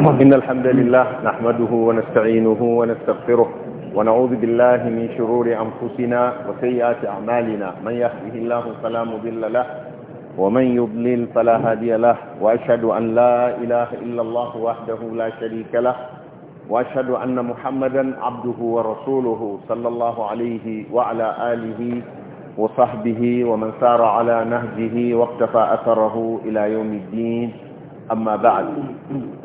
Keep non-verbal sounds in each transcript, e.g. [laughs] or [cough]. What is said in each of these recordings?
[coughs] إن الحمد لله نحمده ونستعينه ونستغفره ونعوذ بالله من شرور أنفسنا وسيئات أعمالنا من يهده الله فلا مضل له ومن يضلل فلا هادي له وأشهد أن لا إله إلا الله وحده لا شريك له وأشهد أن محمدا عبده ورسوله صلى الله عليه وعلى آله وصحبه ومن سار على نهجه واقتفى أثره إلى يوم الدين asalamu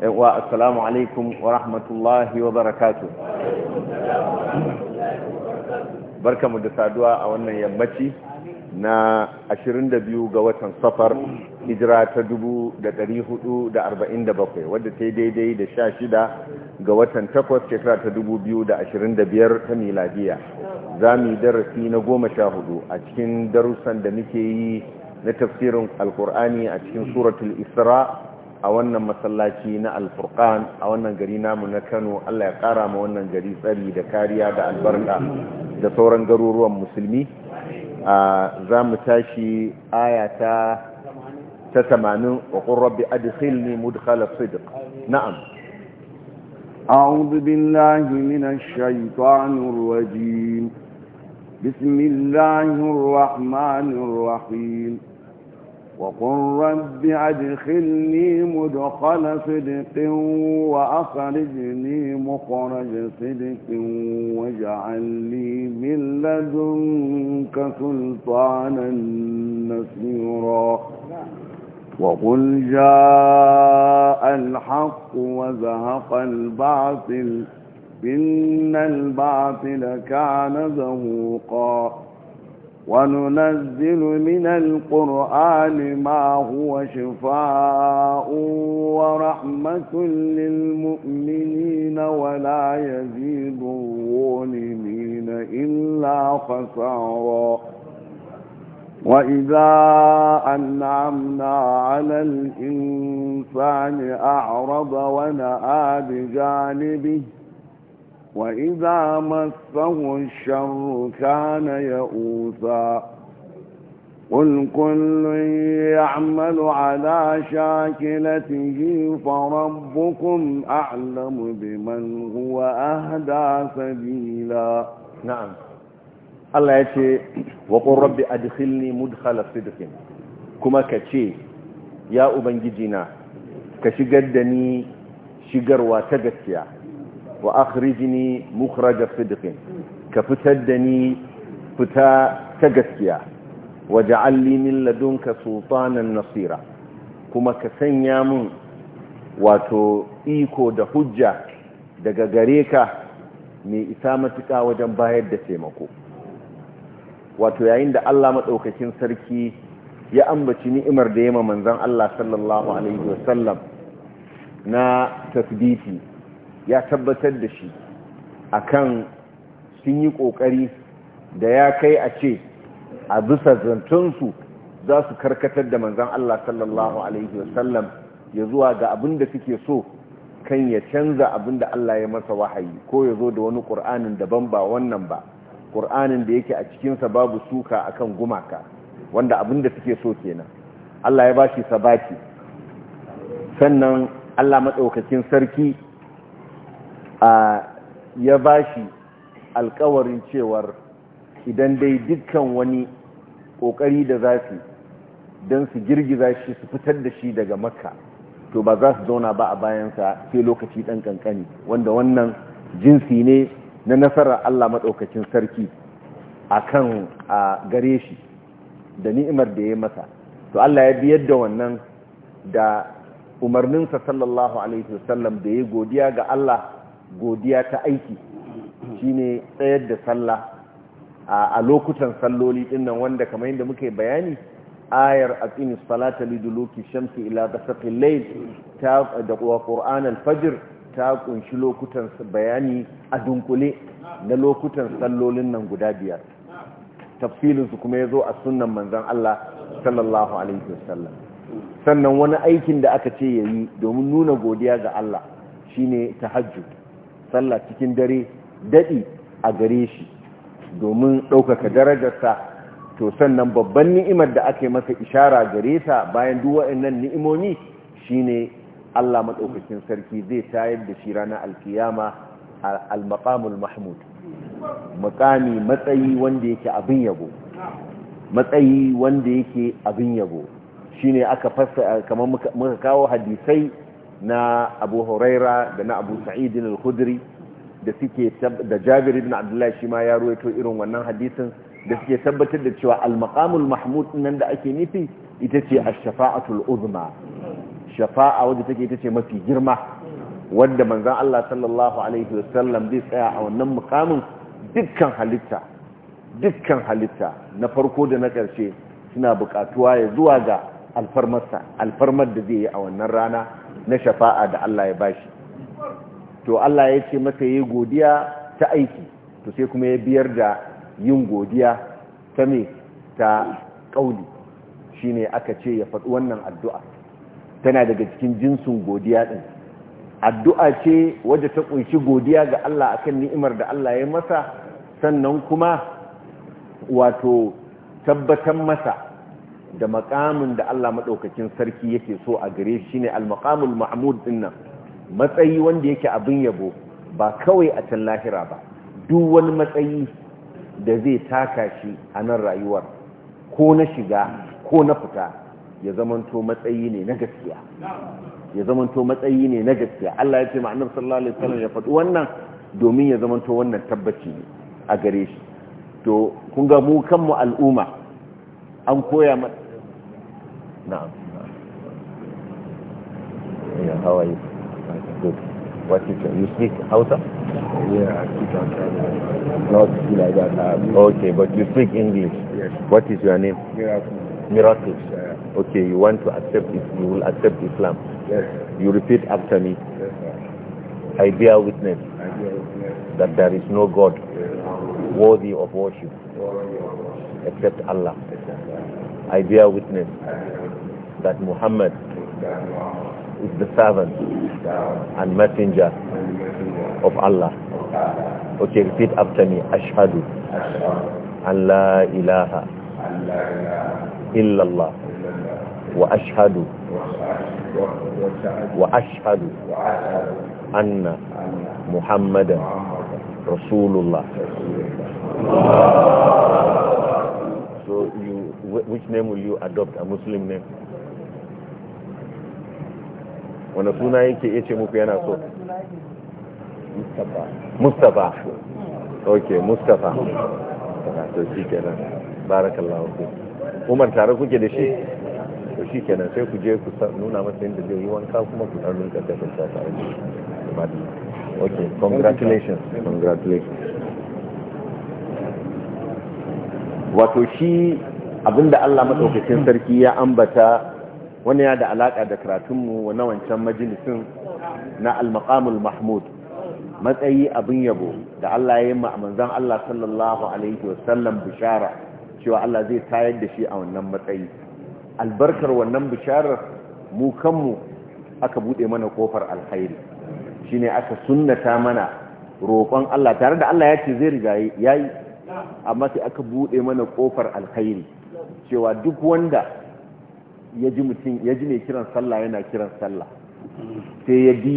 أما بعد wa barakatu. ورحمة mu da saduwa a wannan yammaci na 22 ga watan safar hijira ta 447 wadda ta daidai da 16 ga watan 8 shekara ta 2025 ta miladiya za mu yi darasi na 14 a cikin darussan da muke yi na tafsirin alkur'ani a cikin suratul isra a wannan masallaci na alfurkan a wannan gari namu na kano allah ya kara ma wannan gari tsari da kariya da albarka da sauran garuruwan musulmi za mu tashi ayata ta tamanin wa ƙurrabi adkhilni mudkhala sidik. na'am أعوذ بالله من الشيطان الرجيم بسم الله الرحمن الرحيم وقل رب أدخلني مدخل صدق وأخرجني مخرج صدق واجعل لي من لدنك سلطانا نصيرا وقل جاء الحق وزهق الباطل إن الباطل كان زهوقا وننزل من القرآن ما هو شفاء ورحمة للمؤمنين ولا يزيد الظالمين إلا خسارا وإذا أنعمنا على الإنسان أعرض ونأى بجانبه وإذا مسه الشر كان يئوسا قل كل يعمل على شاكلته فربكم أعلم بمن هو أهدى سبيلا نعم الله يتي وقل ربي أدخلني مدخل صدق كما كتي يا قدني كشقدني شقر وتقتيا wa akhrijni mukhraj sidqin ka fitar da ni fita ta gaskiya waj'al li min ladunka sultanan nasira kuma ka sanya mun wato iko da hujja daga gare ka mai isa matuƙa wajen bayar da taimako wato yayin da Allah madaukakin sarki ya ambaci ni'imar da yama manzan Allah sallallahu alaihi wasallam na tasbiti ya tabbatar da shi a kan sun yi ƙoƙari da ya kai a ce a bisa zantunsu za su karkatar da manzan Allah sallallahu Alaihi wasallam ya zuwa ga abin da suke so kan ya canza abin da Allah ya masa wahayi ko ya zo da wani ƙur'anin daban ba wannan ba ƙur'anin da yake a cikinsa babu suka akan gumaka wanda abin da suke so kenan Allah ya ba shi sabaki sannan Allah maɗaukakin sarki a ya bashi alkawarin cewar idan dai dukkan wani kokari da za su don su girgiza shi su fitar da shi daga makka to ba za su zauna ba a bayansa sai lokaci ɗan ƙanƙani wanda wannan jinsi ne na nasarar Allah maɗaukacin sarki a kan a gare shi da ni'imar da ya masa to Allah ya biyar da wannan da umarninsa sallallahu alaihi wasallam da ya godiya ga Allah godiya ta aiki shine tsayar da sallah a lokutan salloli dinnan wanda kamar yadda muke bayani ayar aqimis salata liduluki shamsi ila gasar layl ta da qur'an al-fajr ta kunshi lokutan bayani a dunkule na lokutan sallolin nan guda biyar tafsilin su kuma zo a sunnan manzon Allah sallallahu alaihi wasallam sannan wani aikin da aka ce yayi domin nuna godiya ga Allah shine tahajjud sallah cikin dare daɗi a gare shi domin ɗaukaka darajarsa to sannan babban ni'imar da ake masa ishara gare ta bayan duk waɗannan ni'imomi shine Allah madaukakin sarki zai tayar da shi ranar alkiyama al-maqamul mahmud makami matsayi wanda yake abin yabo matsayi wanda yake abin yabo shine aka fassara kamar muka kawo hadisai na abu huraira da na abu sa'idin al-khudri da suke da jabir ibn abdullahi shi ma ya ruwaito irin wannan hadisin da suke tabbatar da cewa al-maqamul mahmud nan da ake nufi ita ce ash-shafa'atul uzma shafa'a wadda take ita ce mafi girma wanda manzon Allah sallallahu alaihi wasallam zai tsaya a wannan muqamin dukkan halitta dukkan halitta na farko da na ƙarshe suna buƙatuwa ya zuwa ga alfarmarsa alfarmar da zai yi a wannan rana na shafa'a da Allah ya bashi to Allah ya ce masa yayi godiya ta aiki to sai kuma ya biyar da yin godiya ta me ta kauli shine aka ce ya faɗi wannan addu'a tana daga cikin jinsin godiya din addu'a ce wadda ta kunshi godiya ga Allah akan ni'imar da Allah ya masa sannan kuma wato tabbatar masa da makamin da Allah maɗaukakin sarki yake so a gare shi ne al-maqamul mahmud dinnan matsayi wanda yake abin yabo ba kawai a can lahira ba duk wani matsayi da zai taka shi a nan rayuwar ko na shiga ko na fita ya zamanto matsayi ne na gaskiya ya zamanto matsayi ne na gaskiya Allah ya ce ma annabi sallallahu alaihi wasallam ya faɗi wannan domin ya zamanto wannan tabbaci a gare shi to kun ga mu kanmu al'umma an koya mata na'am yeah how are you good what you you speak Hausa yeah I speak Hausa not like that okay but you speak English yes what is your name Miracle Miracle okay you want to accept it you will accept Islam yes you repeat after me I bear witness that there is no God worthy of worship except Allah I bear witness that Muhammad is the servant and messenger of Allah. Okay, repeat after me. Ashhadu an la ilaha illallah wa ashhadu wa ashhadu anna Muhammadan Rasulullah. So you which name will you adopt a muslim name wani suna yake ya ce muku yana so mustapha ok mustapha to shi kenan ku umar tare kuke da shi to shi kenan sai ku je ku nuna masa yadda zai yi wanka kuma ku ɗan rinka da kan tare da ok congratulations congratulations wato shi Abin da Allah madaukakin sarki ya ambata wani ya da alaka da karatunmu na wancan majalisun na almakamul mahmud matsayi abin yabo da Allah ya yi ma Allah sallallahu alaihi wasallam bishara cewa Allah zai tayar da shi a wannan matsayi albarkar wannan bisharar mu kanmu aka bude mana kofar alkhairi shine aka sunnata mana roƙon Allah tare da Allah ya ce zai riga yayi amma sai aka bude mana kofar alkhairi cewa duk wanda ya ji mutum ya ji mai kiran sallah yana kiran sallah sai ya bi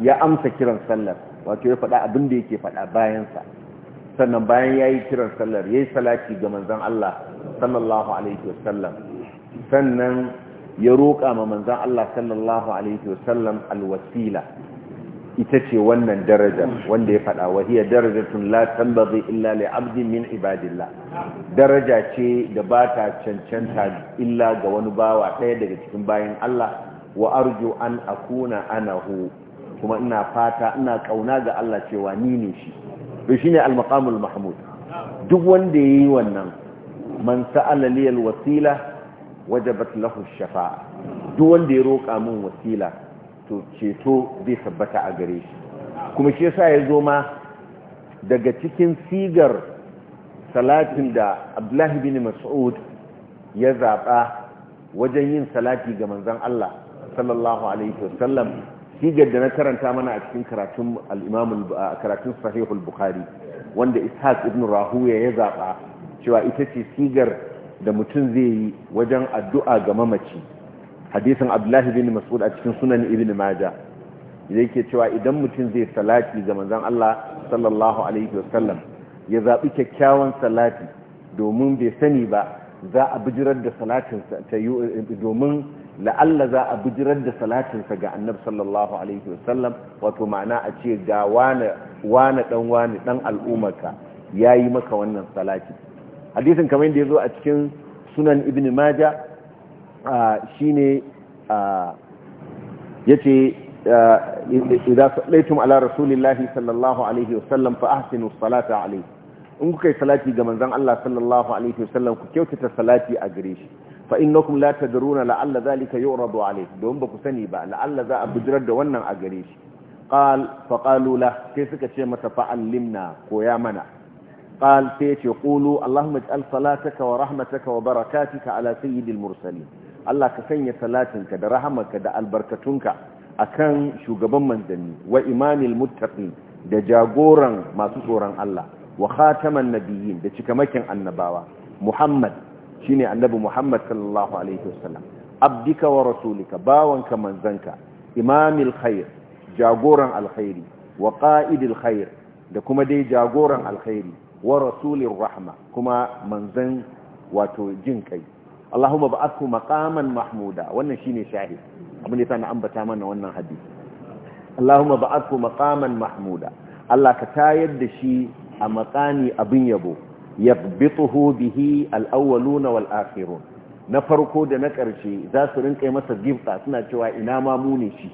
ya amsa kiran sallar wato ya faɗa abin da yake faɗa bayansa sannan bayan ya yi kiran sallar ya yi salati ga manzan Allah sallallahu alaihi wasallam sannan ya roƙa ma manzan Allah sallallahu alaihi wasallam alwasila ita ce wannan darajar wanda ya faɗa wahiyar darajatun la tambazi illa li abdin min ibadillah daraja ce da ba ta cancanta illa ga wani bawa daya daga cikin bayan Allah wa arju an akuna anahu kuma ina fata ina kauna ga Allah cewa ni ne shi to shine al-maqamul mahmud duk wanda yayi wannan man sa'ala liyal wasila wajabat lahu ash-shafa'a duk wanda ya roka min wasila to ceto zai tabbata a gare shi kuma shi yasa ya zo ma daga cikin sigar salatin da abdullahi bin mas'ud ya zaɓa wajen yin salati ga manzan Allah sallallahu alaihi wasallam sigar da na karanta mana a cikin karatun al'imamun karatun sahihul bukhari wanda ishaq ibn rahuya ya zaɓa cewa ita ce sigar da mutum zai yi wajen addu'a ga mamaci hadisin abdullahi bin mas'ud a cikin sunan ibn maja yake cewa idan mutum zai salati ga manzon Allah sallallahu alaihi wasallam ya zabi kyakkyawan salati domin bai sani ba za a bijirar da salatinsa ta domin la'alla za a bijirar da salatinsa ga annab sallallahu alaihi wasallam wato ma'ana a ce ga wane dan wane dan al'ummarka yayi maka wannan salati hadisin kamar yadda ya zo a cikin sunan ibn maja shi ne ya ce idan saɗaitum ala rasulillahi sallallahu alaihi wasallam fa ahsinu salata alaihi in kuka yi salati ga manzan Allah sallallahu alaihi wasallam ku kyautata salati a gare shi fa innakum la tadruna la'alla zalika yu'radu alayhi don ba ku sani ba la'alla za a bijirar da wannan a gare shi qal fa qalu la sai suka ce masa fa allimna koya mana qal sai ya ce qulu allahumma ij'al salataka wa rahmataka wa barakatuka ala sayyidil mursalin Allah ka sanya salatinka da rahamarka da albarkatunka akan shugaban manzanni wa imamil muttaqin da jagoran masu tsoron Allah wa khataman nabiyyin da cikamakin annabawa Muhammad shine annabi Muhammad sallallahu alaihi wasallam abdika wa rasulika bawanka manzanka imamil khair jagoran alkhairi wa qa'idil khair da kuma dai jagoran alkhairi wa rasulir rahma kuma manzan wato jin kai Allahumma ba'athu maqaman mahmuda wannan shine shahid abin da na ambata mana wannan hadisi Allahumma ba'athu maqaman mahmuda Allah ka tayar da shi a maqani abin yabo yaqbituhu bihi al-awwaluna wal-akhirun na farko da na ƙarshe za su rinka masa gifta suna cewa ina ma mu shi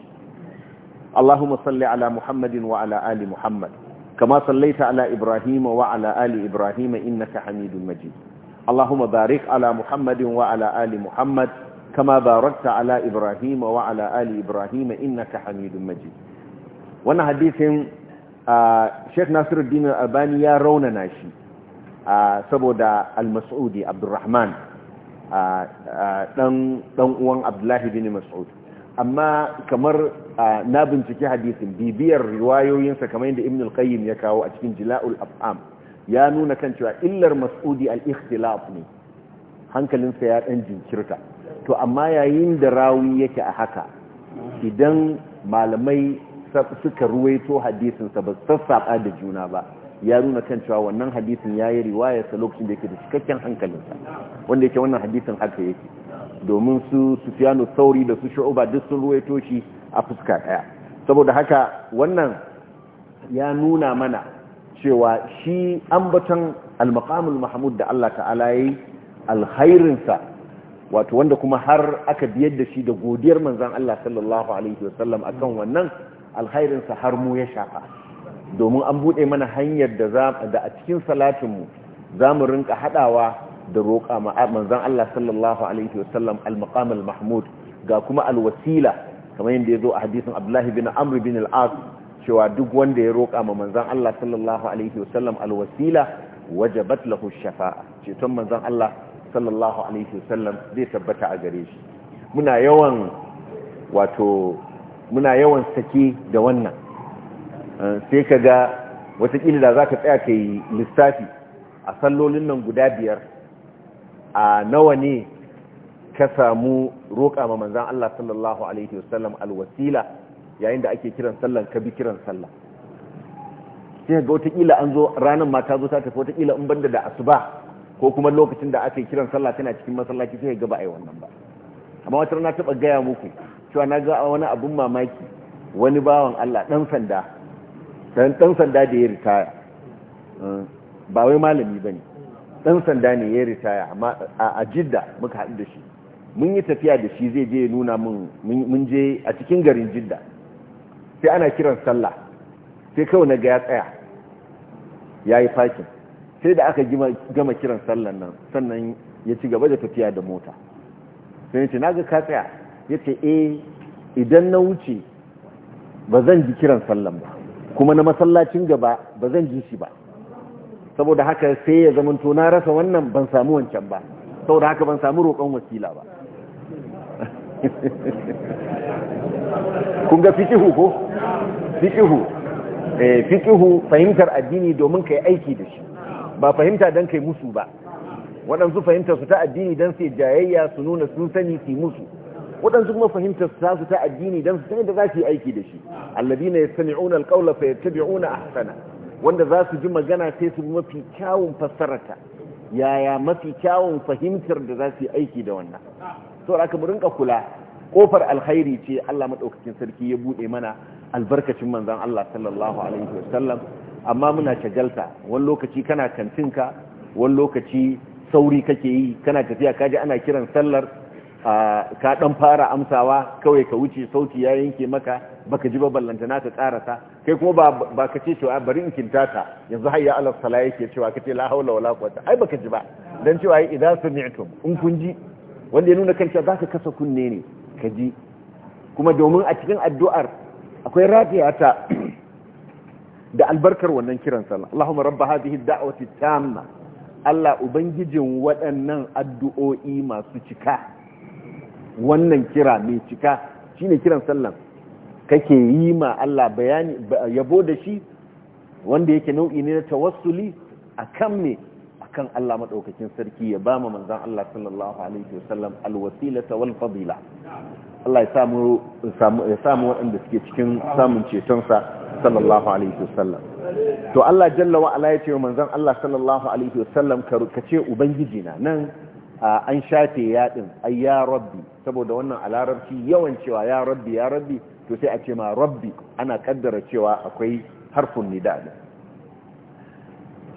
Allahumma salli ala Muhammadin wa ala ali Muhammad kama sallaita ala Ibrahim wa ala ali Ibrahim innaka Hamidul Majid اللهم بارك على محمد وعلى آل محمد كما باركت على إبراهيم وعلى آل إبراهيم إنك حميد مجيد وانا حديث شيخ ناصر الدين الألباني يا رونا ناشي سبودا المسعودي عبد الرحمن dan uwan abdullahi bin mas'ud amma kamar na bincike hadisin bibiyar riwayoyinsa kamar yadda ibn al-qayyim ya kawo a cikin jila'ul af'am ya nuna kan cewa illar mas'udi al-ikhtilaf ne hankalinsa ya dan jinkirta to amma yayin da rawi yake a haka idan malamai suka ruwaito hadisinsa ba sassaɓa da juna ba ya nuna kan cewa wannan hadisin yayi yi riwayarsa lokacin da yake da cikakken hankalinsa wanda yake wannan hadisin haka yake domin su sufiyanu sauri da su sha'uba duk sun ruwaito shi a fuska ɗaya saboda haka wannan ya nuna mana cewa shi ambaton al-maqamul mahmud da Allah ta'ala yi alkhairinsa wato wanda kuma har aka biyar da shi da godiyar manzan Allah sallallahu alaihi wasallam akan wannan alhairinsa har mu ya shafa domin an buɗe mana hanyar da a cikin salatinmu za mu rinka haɗawa da roƙa manzan Allah sallallahu alaihi wasallam al-maqam mahmud ga kuma alwasila wasila kamar yadda ya zo a hadisin Abdullahi bin Amr bin al cewa duk wanda ya roƙa ma manzan Allah sallallahu alaihi wasallam alwasila waje batlahu shafa'a ceton manzan Allah sallallahu alaihi wasallam zai tabbata a gare shi muna yawan wato muna yawan sake da wannan eh, sai kaga watakila da za ka tsaya kai lissafi a sallolin nan guda biyar a nawa ne ka samu roƙa ma manzan Allah sallallahu alaihi wasallam alwasila yayin da ake kiran sallan ka bi kiran sallah sai ga watakila an zo ranar mata zo ta tafi watakila in banda da asuba ko kuma lokacin da aka kiran sallah tana cikin masallaci sai ga ba a yi wannan ba amma wata rana taɓa gaya muku cewa na ga wani abun mamaki wani bawan Allah ɗan sanda ɗan sanda da ya ritaya eh, ba wai malami ba ne ɗan sanda ne ya ritaya a jidda muka haɗu da shi mun yi tafiya da shi zai je ya nuna mun je a cikin garin jidda sai ana kiran sallah sai kawai na ga ya tsaya ya yi fakin sai da aka gama kiran sallah nan sannan ya ci gaba da tafiya da mota sai yace na ga ka tsaya ya ce eh idan na wuce ba zan ji kiran sallah ba kuma na masallacin gaba ba zan ji shi ba saboda haka sai ya zamanto na rasa wannan ban samu wancan ba saboda haka ban samu roƙon wasila ba [laughs] kun ga fikihu ko fiƙihu eh, fiƙihu fahimtar addini domin yi aiki da shi ba fahimta don kai musu ba waɗansu fahimtar su ta addini don su jayayya su nuna sun sani su musu waɗansu kuma fahimtar su ta addini don su sani da za su yi aiki da shi na ya sani alladina yastami'una alqawla fayattabi'una ahsana wanda za su ji magana sai su mafi kyawun fassararta yaya mafi kyawun fahimtar da za su yi aiki da wannan saboda aka mu rinka kula kofar alkhairi ce Allah madaukakin sarki ya bude mana albarkacin manzan Allah sallallahu alaihi wasallam amma muna shagalta wani lokaci kana kantinka wani lokaci sauri kake yi kana tafiya kaji ana kiran sallar ka dan fara amsawa kawai ka wuce sauti ya yanke maka baka ji ballanta na ka karasa kai kuma ba ba ka ce cewa bari in kintata yanzu hayya ala sala yake cewa kace la haula wala quwwata ai baka ji ba dan cewa idan sami'tum in kun ji wanda ya nuna kanta zaka kasa kunne ne ka ji kuma domin a cikin addu'ar akwai rafiya ta da albarkar wannan kiran sallah Allahumma rabba hadhihi ad-da'wati tamma Allah ubangijin waɗannan addu'o'i masu cika wannan kira mai cika shine kiran sallah kake yi ma Allah bayani yabo da shi wanda yake nau'i ne na tawassuli akan me akan Allah madaukakin sarki ya ba mu manzon Allah sallallahu alaihi wasallam alwasilata wal fadila Allah ya samu ya samu waɗanda suke cikin samun cetonsa sallallahu alaihi wasallam to Allah jalla wa ala ya ce manzon Allah sallallahu alaihi wasallam ka ce ubangiji na nan an shafe yaɗin ai ya rabbi saboda wannan alararci yawan cewa ya rabbi ya rabbi to sai a ce ma rabbi ana kaddara cewa akwai harfin nida din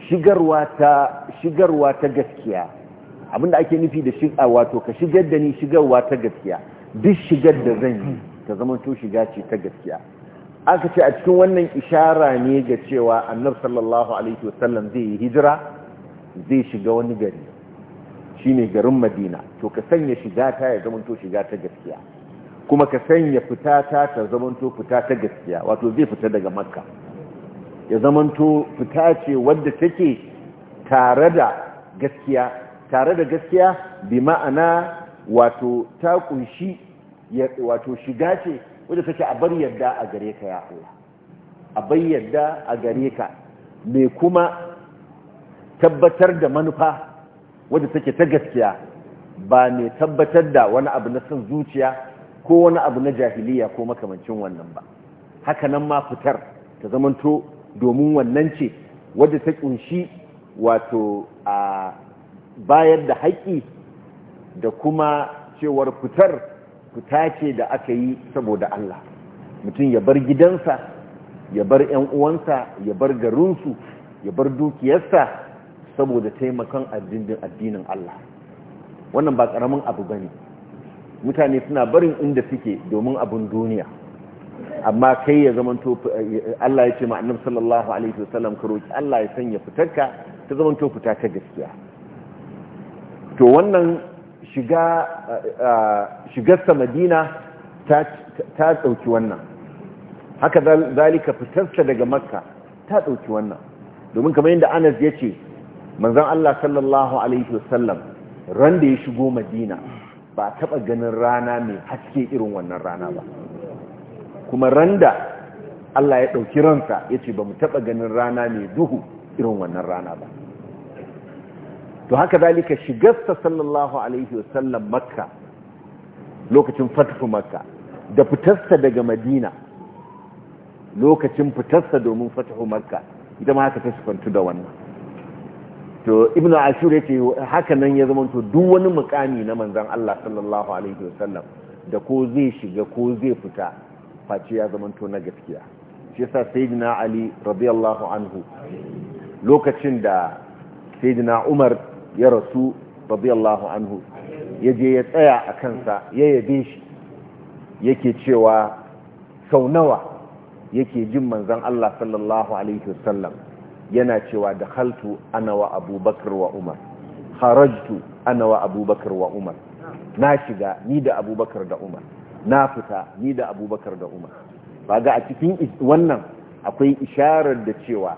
shigarwa ta shigarwa ta gaskiya abinda ake nufi da shiga wato ka shigar da ni shigarwa ta gaskiya duk shigar da zan yi ta zama to shiga ce ta gaskiya aka ce a cikin wannan ishara ne ga cewa annab sallallahu alaihi wasallam zai yi hijira zai shiga wani gari shine garin madina to ka sanya shiga ta ya zama to shiga ta gaskiya kuma ka sanya fita ta ta zama to fita ta gaskiya wato zai fita daga makka ya zama to fita ce wadda take tare da gaskiya tare da gaskiya bi ma'ana wato ta kunshi wato shiga ce wadda take a bar yadda a gare ka ya Allah a bar yadda a gare ka mai kuma tabbatar da manufa wadda take ta gaskiya ba mai tabbatar da wani abu na son zuciya ko wani abu na jahiliya ko makamancin wannan ba haka nan ma fitar ta zamanto domin wannan ce wadda ta kunshi wato a bayar da haƙƙi da kuma cewar fitar fita ce da aka yi saboda Allah mutum ya bar gidansa ya bar 'yan uwansa ya bar garinsu ya bar dukiyarsa saboda taimakon addinin Allah wannan ba karamin abu ba ne mutane suna barin inda suke domin abin duniya amma kai ya zamanto Allah ya ce ma annabi sallallahu alaihi wasallam ka roki Allah ya sanya fitarka ta zamanto fita ta gaskiya to wannan shigarsa madina ta ɗauki wannan haka zalika fitarsa daga makka ta ɗauki wannan domin kamar yadda anas ya ce manzan allah sallallahu alaihi wasallam ran da ya shigo madina ba taɓa ganin rana mai haske irin wannan rana ba kuma ran da allah ya ɗauki ransa ya ce ba mu taɓa ganin rana mai duhu irin wannan rana ba to haka dalika shigarsa sallallahu alaihi wasallam makka lokacin fatufu makka da fitarsa daga madina lokacin fitarsa domin fatuhu makka ita ma haka ta sifantu da wannan to ibnu ashur yake haka nan ya zama to duk wani mukami na manzon Allah sallallahu alaihi wasallam da ko zai shiga ko zai fita face ya zama to na gaskiya shi yasa sayyidina ali radiyallahu anhu lokacin da sayyidina umar ya rasu radiyallahu anhu ya je ya tsaya a kansa ya yabe shi yake cewa sau nawa yake jin manzan Allah sallallahu alaihi wasallam yana cewa da haltu ana wa abubakar wa umar harajtu ana wa abubakar wa umar na shiga ni da abubakar da umar na fita ni da abubakar da umar ba ga a cikin wannan akwai isharar da cewa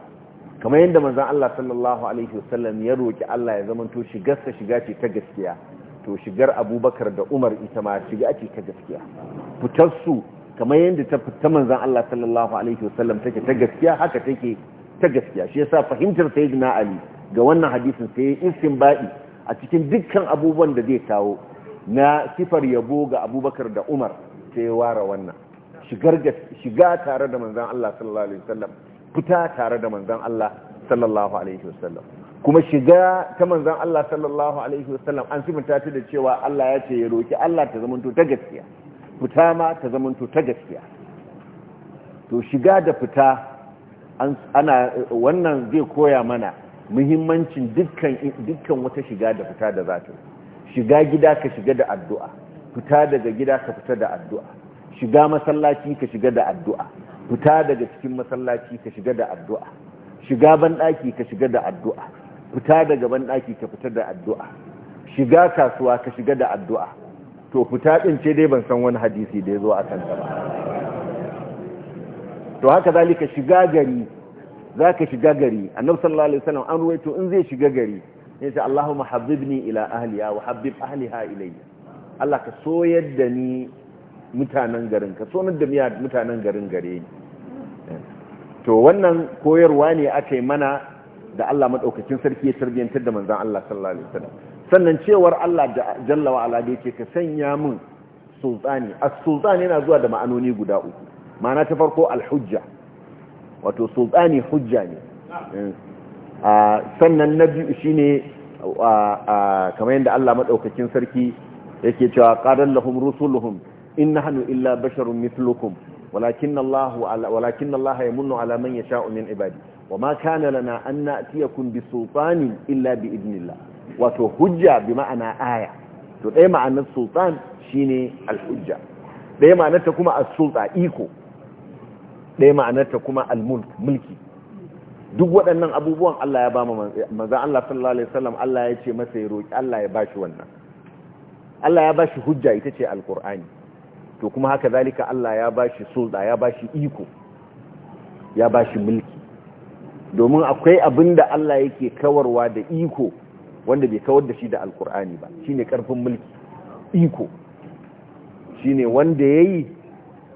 kamar yadda manzan Allah sallallahu alaihi wasallam ya roƙi Allah ya zamanto shigarsa shiga ce ta gaskiya to shigar Abubakar da Umar ita ma shiga ce ta gaskiya fitar su kamar yadda ta fita manzan Allah sallallahu alaihi wasallam take ta gaskiya haka take ta gaskiya shi yasa fahimtar na Ali ga wannan hadisin sai istinbadi a cikin dukkan abubuwan da zai kawo na sifar yabo ga Abubakar da Umar sai ware wannan shigar shiga tare da manzan Allah sallallahu alaihi wasallam fita tare da manzan Allah sallallahu alaihi wasallam kuma shiga ta manzan Allah sallallahu alaihi wasallam an simin ta da cewa Allah ya ce ya roƙi Allah ta zamanto ta gaskiya fita ma ta zamanto ta gaskiya to shiga da fita ana wannan zai koya mana muhimmancin dukkan wata shiga da fita da za zata shiga gida ka shiga da addu'a fita daga gida ka fita da addu'a shiga masallaci ka shiga da addu'a fita daga cikin masallaci ka shiga da addu'a shiga banɗaki ka shiga da addu'a fita daga banɗaki ka fita da addu'a shiga kasuwa ka shiga da addu'a to fita ɗin ce dai ban san wani hadisi da ya zo a kanta ba to haka zalika shiga gari za ka shiga gari annabi sallallahu alaihi wasallam an ruwaito in zai shiga gari ya ce Allahumma habibni ila ahliya wa habib ahliha ilayya Allah ka soyar da ni mutanen garin ka sonar da miya mutanen garin gare ni to wannan koyarwa ne aka yi mana da Allah maɗaukacin sarki ya tarbiyyantar da manzan Allah sallallahu alaihi wasallam sannan cewar Allah jalla wa ala da yake ka sanya min sultani as-sultani yana zuwa da ma'anoni guda uku ma'ana ta farko al-hujja wato sultani hujja ne eh, sannan na biyu shine kamar yadda Allah maɗaukacin sarki yake cewa qadallahum lahum rusuluhum in nahnu illa basharun mithlukum walakin Allah walakin Allah yamunnu ala man yasha'u min ibadi wama kana lana an na'tiyakum bi sultanin illa bi idnillah wato hujja bi ma'ana aya to dai ma'anar sultan shine al-hujja dai ma'anar ta kuma as-sulta iko dai ma'anar ta kuma al-mulk mulki duk waɗannan abubuwan Allah ya ba mu manzo Allah sallallahu alaihi wasallam Allah ya ce masa ya roki Allah ya bashi wannan Allah ya bashi hujja ita ce al-qur'ani to kuma haka zalika Allah ya bashi sulda ya bashi iko ya bashi mulki domin akwai abin da Allah yake kawarwa da iko wanda bai kawar da shi da alkur'ani ba Shi ne karfin mulki iko Shi ne wanda ya yi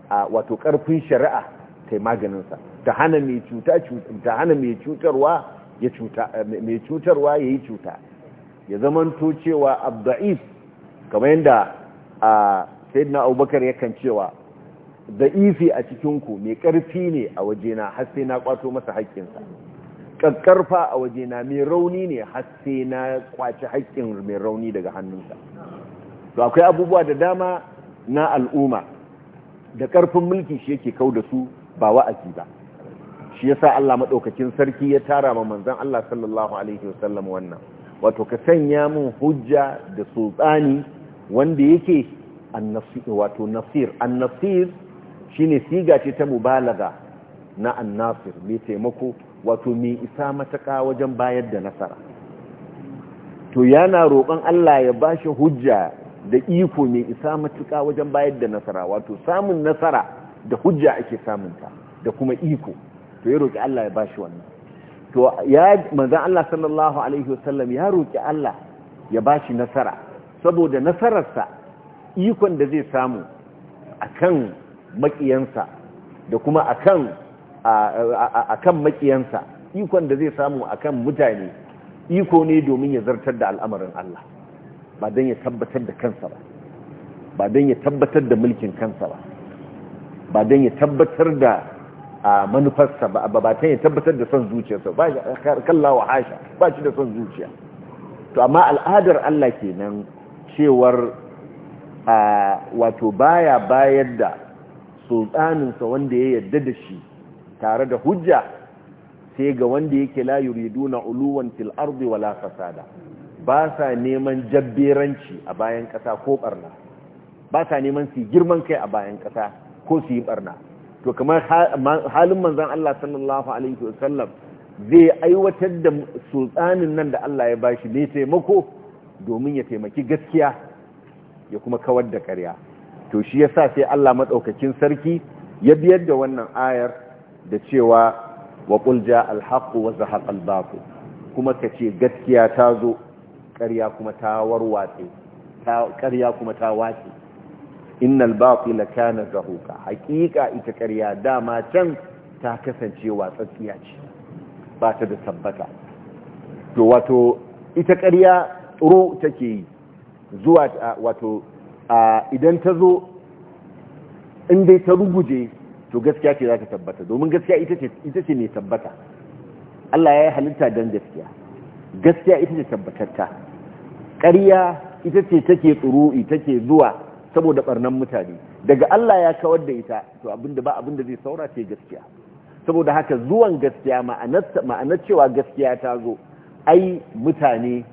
a wato karfin shari'a ta maganinsa ta hana mai cuta ta hana mai cutarwa ya cuta mai cutarwa ya yi cuta ya zamanto cewa abda'if kamar yadda a sayyidina abubakar yakan cewa da ifi a cikinku mai ƙarfi ne a wajena har sai na kwato masa haƙƙinsa ƙaƙƙarfa a wajena mai rauni ne har sai na kwaci haƙƙin mai rauni daga hannunsa to akwai abubuwa da dama na al'umma da ƙarfin mulki shi yake kau da su ba wa'azi ba shi ya sa Allah maɗaukakin sarki ya tara ma manzan Allah sallallahu alaihi wasallam wannan wato ka sanya min hujja da tsotsani wanda yake wato nasir annasir shine siga ce ta mubalaga na annasir mai taimako wato mai isa mataka wajen bayar da nasara to yana roƙon Allah ya bashi hujja da iko mai isa mataka wajen bayar da nasara wato samun nasara da hujja ake samunta da kuma iko to ya roƙi Allah ya bashi wannan to ya manzan Allah sallallahu alaihi wasallam ya roƙi Allah ya bashi nasara saboda nasararsa ikon da zai samu a kan makiyansa da kuma a kan makiyansa ikon da zai samu a kan mutane iko ne domin ya zartar da al'amarin Allah ba don ya tabbatar da kansa ba ba don ya tabbatar da mulkin kansa ba ba don ya tabbatar da manufarsa ba ba ya tabbatar da son zuciyarsa ba kallawa hasha ba shi da son zuciya to amma al'adar Allah kenan cewar wato baya bayar da sultaninsa wanda ya yarda da shi tare da hujja sai ga wanda yake la na uluwan fil wala fasada ba sa neman jabberanci a bayan kasa ko barna ba sa neman su girman kai a bayan kasa ko su yi barna to kamar halin manzon Allah sallallahu alaihi wasallam zai aiwatar da sultanin nan da Allah ya bashi ne taimako domin ya taimaki gaskiya ya kuma kawar da ƙarya to shi yasa sai Allah madaukakin sarki ya biyar da wannan ayar da cewa wa qul jaa al-haqq wa zahaqa al-batil kuma kace gaskiya ta zo ƙarya kuma ta warwatse ta ƙarya kuma ta wace innal batila kana zahuka haqiqa ita ƙarya dama can ta kasance watsatsiya ce ba ta da tabbata to wato ita ƙarya tsoro take yi zuwa wato idan ta zo in dai ta ruguje to gaskiya ce za ta tabbata domin gaskiya ita ce mai tabbata Allah ya yi halitta don gaskiya gaskiya ita ce tabbatatta ƙariya ita ce take tsuru'i take zuwa saboda ɓarnan mutane daga Allah ya kawar da ita to abinda ba abinda zai saura ce gaskiya saboda haka zuwan gaskiya ma'anar cewa gaskiya ta zo ai mutane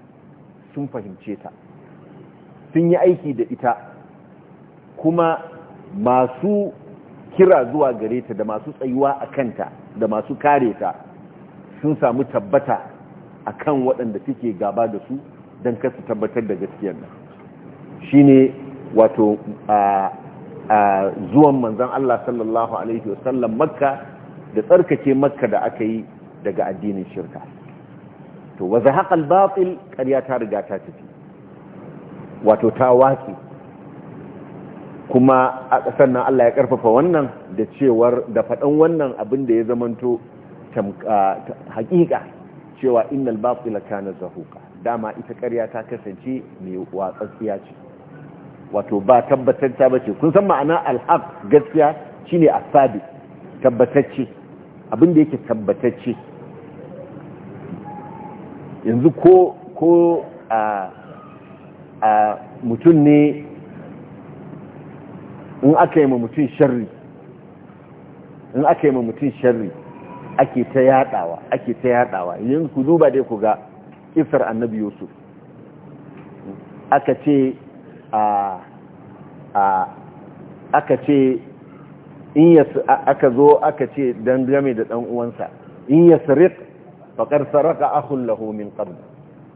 sun fahimce ta sun yi aiki da ita kuma masu kira zuwa gare ta da masu tsayuwa a kanta da masu kare ta sun samu tabbata a kan waɗanda suke gaba da su don kasu tabbatar da gaskiyar nan shi ne wato zuwan manzan Allah sallallahu Alaihi wasallam makka da tsarkake makka da aka yi daga addinin shirka to waza haƙal batil ƙarya ta riga ta tafi wato ta wake kuma sannan Allah ya karfafa wannan da cewar da faɗan wannan abin da ya zamanto haƙiƙa cewa innal batila kana zahuka dama ita ƙarya ta kasance mai watsatsiya ce wato ba tabbatacce bace kun san ma'ana al-haq gaskiya shine asabi tabbatacce abin da yake tabbatacce yanzu ko ko a mutum ne in aka yi ma mutum sharri in aka yi mutum sharri ake ta yadawa ake ta yadawa yin ku duba dai ku ga kisar annabi yusuf aka ce a aka ce in ya aka zo aka ce don game da dan uwansa in ya sarik faƙar saraka akhun lahu min qabl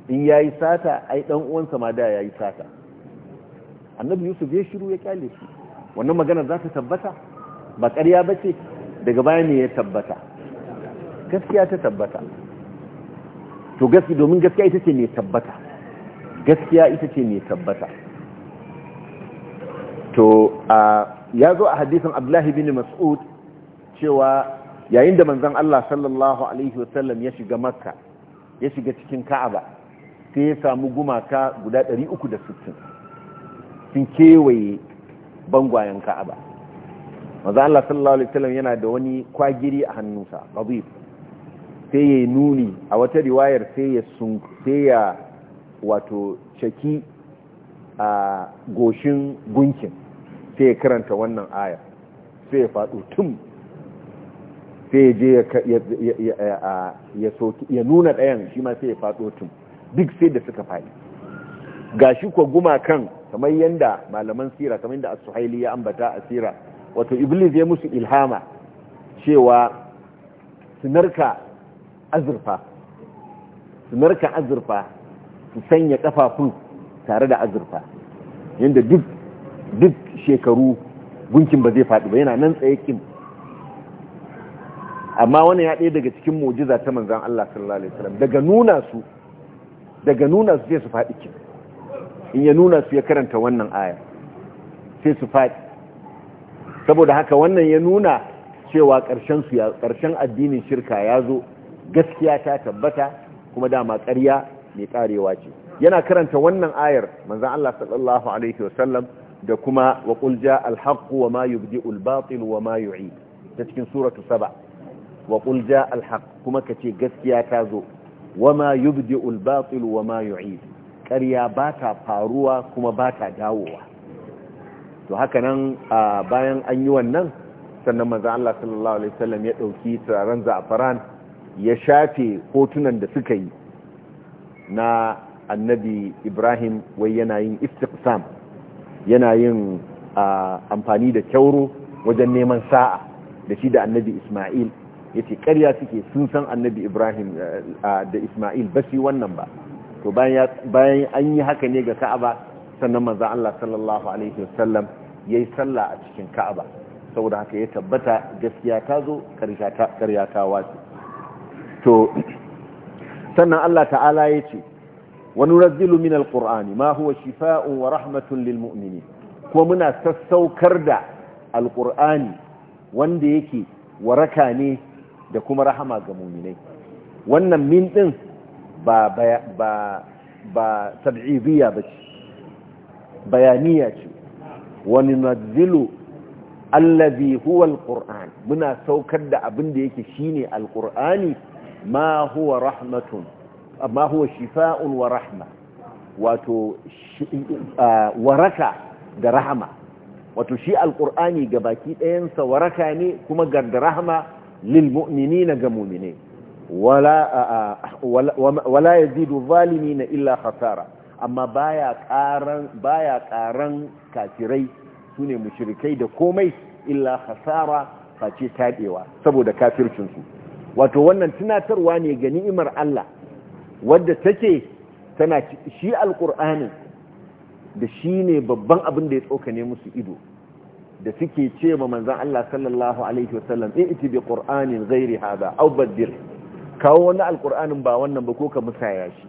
in ya yi sata ai ɗan uwansa ma da ya yi sata annabi yusuf ya shiru ya kyale shi wannan magana za ta tabbata ba ƙarya ba ce daga baya ne ya tabbata gaskiya ta tabbata to gaski domin gaskiya ita ce ne tabbata gaskiya ita ce ne tabbata to ya zo a hadisin abdullahi bin mas'ud cewa yayin da manzan Allah sallallahu alaihi wasallam ya shiga makka ya shiga cikin ka'aba sai ya samu gumaka guda 360 sun kewaye bangwayen ka'aba maza Allah sallallahu alaihi wasallam yana da wani kwagiri a hannunsa babib sai ya nuni a wata riwayar sai ya sun sai ya wato caki a goshin gunkin sai ya karanta wannan aya sai ya faɗo tum sai ya je ya nuna ɗayan shi ma sai ya faɗo tun duk sai da suka faɗi gashi ko gumakan kamar yanda malaman sira kamar yanda as-suhaili ya ambata a sira wato iblis ya musu ilhama cewa sunarka azurfa sunarka azurfa su sanya kafafun tare da azurfa yanda duk duk shekaru gunkin ba zai faɗi ba yana nan tsaye kin amma wannan ya ɗaya daga cikin mujiza ta manzan Allah sallallahu alaihi wasallam daga nuna su daga nuna su sai su faɗi kin in ya nuna su ya karanta wannan aya sai su faɗi saboda haka wannan ya nuna cewa ƙarshen su ya ƙarshen addinin shirka ya zo gaskiya ta tabbata kuma dama ƙarya mai ƙarewa ce yana karanta wannan ayar manzon Allah sallallahu alaihi wasallam da kuma wa qul jaa al-haqq wa ma yubdi'u al-batil wa ma yu'id ta cikin suratu saba wa qul jaa al-haqq kuma kace gaskiya ta zo wama yubdi'ul al-batil wama yu'id ƙarya ba ta faruwa kuma ba ta dawowa to haka nan bayan an yi wannan sannan manzo Allah sallallahu alaihi wasallam ya dauki turaren zafaran, ya shafe hotunan da suka yi na annabi Ibrahim wai yana yin istiqsam yana yin amfani da kyauro wajen neman sa'a da shi da annabi Ismail yace ƙarya suke sun san annabi ibrahim eh, da isma'il ba shi wannan ba to bayan an yi haka ne ga ka'aba sannan maza allah sallallahu alaihi wasallam ya yi sallah a cikin ka'aba saboda haka ya tabbata gaskiya ta zo ƙarya ta wace to sannan allah ta'ala ya ce wani razzilu min alƙur'ani ma huwa shifa'un wa rahmatun lil mu'mini kuma muna sassaukar da alƙur'ani wanda yake waraka ne da kuma rahama ga muminai wannan min din ba ba ba tab'idiyya ba bayaniya ce wani nazilu allazi huwa alquran muna saukar da abin da yake shine alqurani ma huwa rahmatun ma huwa shifa'un wa rahma wato waraka da rahama wato shi alqurani gabaki ɗayansa waraka ne kuma ga rahma lil mu'minina ga mu'mine wala wala yazidu na illa khasara amma baya karan baya karan kafirai sune mushrikai da komai illa khasara face tadewa saboda kafircin su wato wannan tunatarwa ne ga ni'imar Allah wadda take tana shi alqur'anin da shi ne babban abin da ya tsokane musu ido da suke ce ma manzan Allah sallallahu alaihi wasallam in iti bi qur'anin zairi hada aw kawo wani alqur'anin ba wannan ba ko ka musaya shi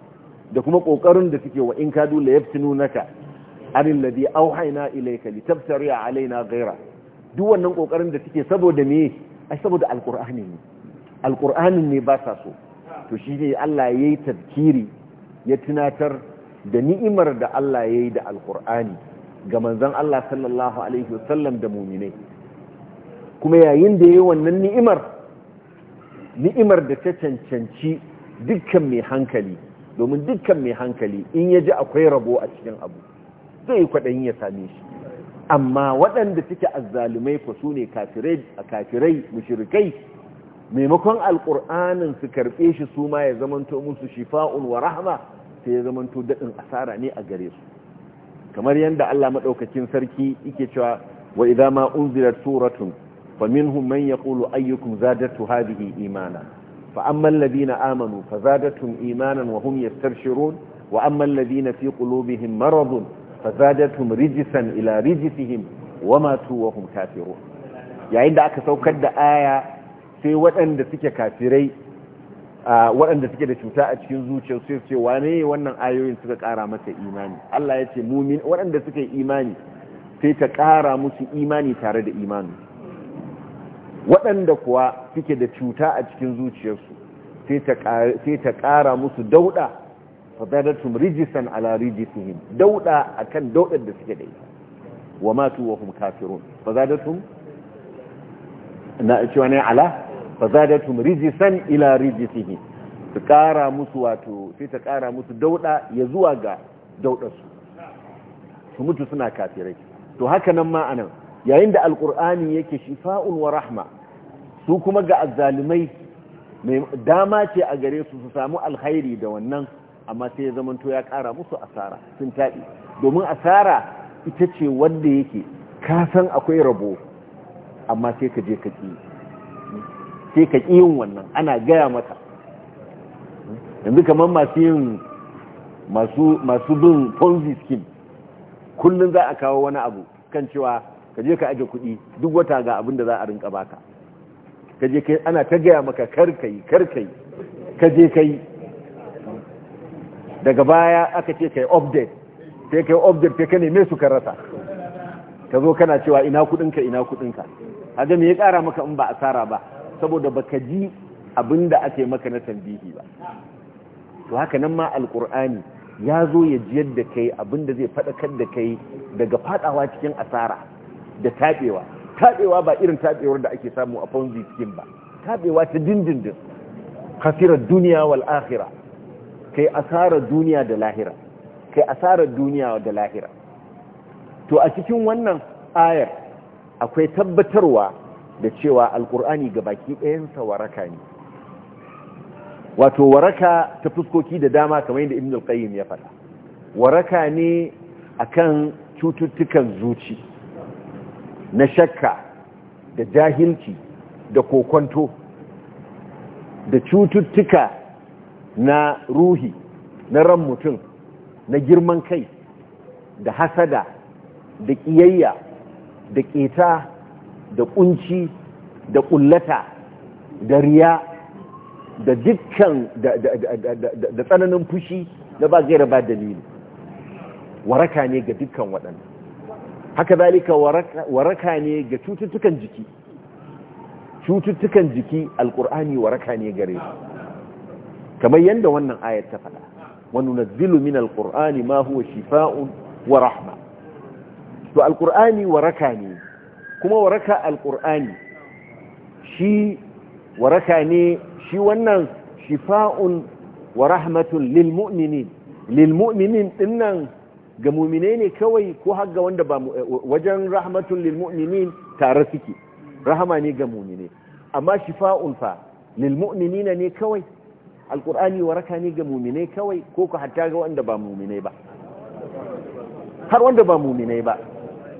da kuma kokarin da suke wa in kadu la yaftinunaka anil ladhi awhayna ilayka litafsiri alaina gaira duk wannan kokarin da suke saboda me ai saboda alqur'ani ne alqur'anin ne ba so to shi ne Allah yayi tafkiri ya tunatar da ni'imar da Allah yayi da alqur'ani ga manzon Allah sallallahu alaihi wasallam da muminai kuma yayin da yayi wannan ni'imar ni'imar da ta cancanci dukkan mai hankali domin dukkan mai hankali in ya ji akwai rabo a cikin abu zai kwaɗayin ya same shi amma waɗanda suke azzalumai ku su ne kafirai mushirikai maimakon alƙur'anin su karɓe shi su ma ya zamanto musu shifa'un wa rahama sai ya zamanto daɗin asara ne a gare su kamar yadda Allah maɗaukacin sarki yake cewa wa idza ma unzilat suratun faminhum man yaqulu ayyukum zadatu hadhihi imana fa amma alladhina amanu fazadatuhum imanan wa hum yastabshirun wa amma alladhina fi qulubihim maradun fazadatuhum rijsan ila rijsihim wa matu wa hum kafirun yayin da aka saukar da aya sai waɗanda suke kafirai waɗanda suke da cuta a cikin zuciyar su ce wane wannan ayoyin suka ƙara masa imani Allah ya ce mumin waɗanda suka yi imani sai ta ƙara musu imani tare da imani waɗanda kuwa suke da cuta a cikin zuciyarsu sai ta ƙara musu dauɗa fadadatum rijisan ala rijisihim dauɗa akan dauɗar da suke da ita wa matu wa hum kafirun fadadatum na cewa ne ala fa zadatum rijsan ila rijisihi su kara musu wato sai ta kara musu dauda ya zuwa ga daudarsu su mutu suna kafirai to haka nan ma anan yayin da alkur'ani yake shifa'un wa rahma su kuma ga azzalimai mai dama ce a gare su su samu alkhairi da wannan amma sai ya zamanto ya kara musu asara sun tadi domin asara ita ce wanda yake ka san akwai rabo amma sai ka je ka ƙi sai ka ƙi yin wannan ana gaya mata yanzu kamar masu yin masu bin ponzi scheme kullum za a kawo wani abu kan cewa ka je ka aje kuɗi duk wata ga abin da za a rinka baka ka je kai ana ta gaya maka karkai karkai ka je kai daga baya aka ce kai update sai kai update sai ka neme su ka rasa ka zo kana cewa ina kuɗinka ina kuɗinka a ga me ya kara maka in ba asara ba saboda baka ji abinda ake maka na tambihi ba to haka nan ma alkur'ani ya zo ya jiyar da kai abinda zai faɗakar da kai daga faɗawa cikin asara da taɓewa taɓewa ba irin taɓewar da ake samu a ponzi cikin ba taɓewa ta dindindin khasirar duniya wal akhira kai asara duniya da lahira kai asarar duniya da lahira to a cikin wannan ayar akwai tabbatarwa da cewa alkur'ani ga baki ɗayansa waraka ne wato waraka ta fuskoki da dama kamar yadda ibn al-qayyim ya faɗa waraka ne akan cututtukan zuci na shakka da jahilci da kokonto da cututtuka na ruhi na ran mutum na girman kai da hasada da ƙiyayya da ƙeta da kunci da kullata da riya da dukkan da tsananin fushi da ba gaira ba dalili waraka ne ga dukkan waɗanda haka zalika waraka ne ga cututtukan jiki cututtukan jiki alkur'ani waraka ne gare kamar yadda wannan ayat ta faɗa wani nazilu min alkur'ani ma huwa shifa'un wa rahma to alkur'ani waraka ne kuma waraka alƙur'ani shi waraka ne shi wannan shifa'un wa rahmatun lilmu'minin lilmu'minin dinnan ga mumine ne kawai ko har ga wanda ba eh, wajen rahmatun lilmu'minin tare suke rahama ne ga mumine amma shifa'un fa lilmu'minina ne kawai alƙur'ani waraka ne ga mumine kawai ko ko hatta ga wanda ba mumine ba har wanda ba mumine ba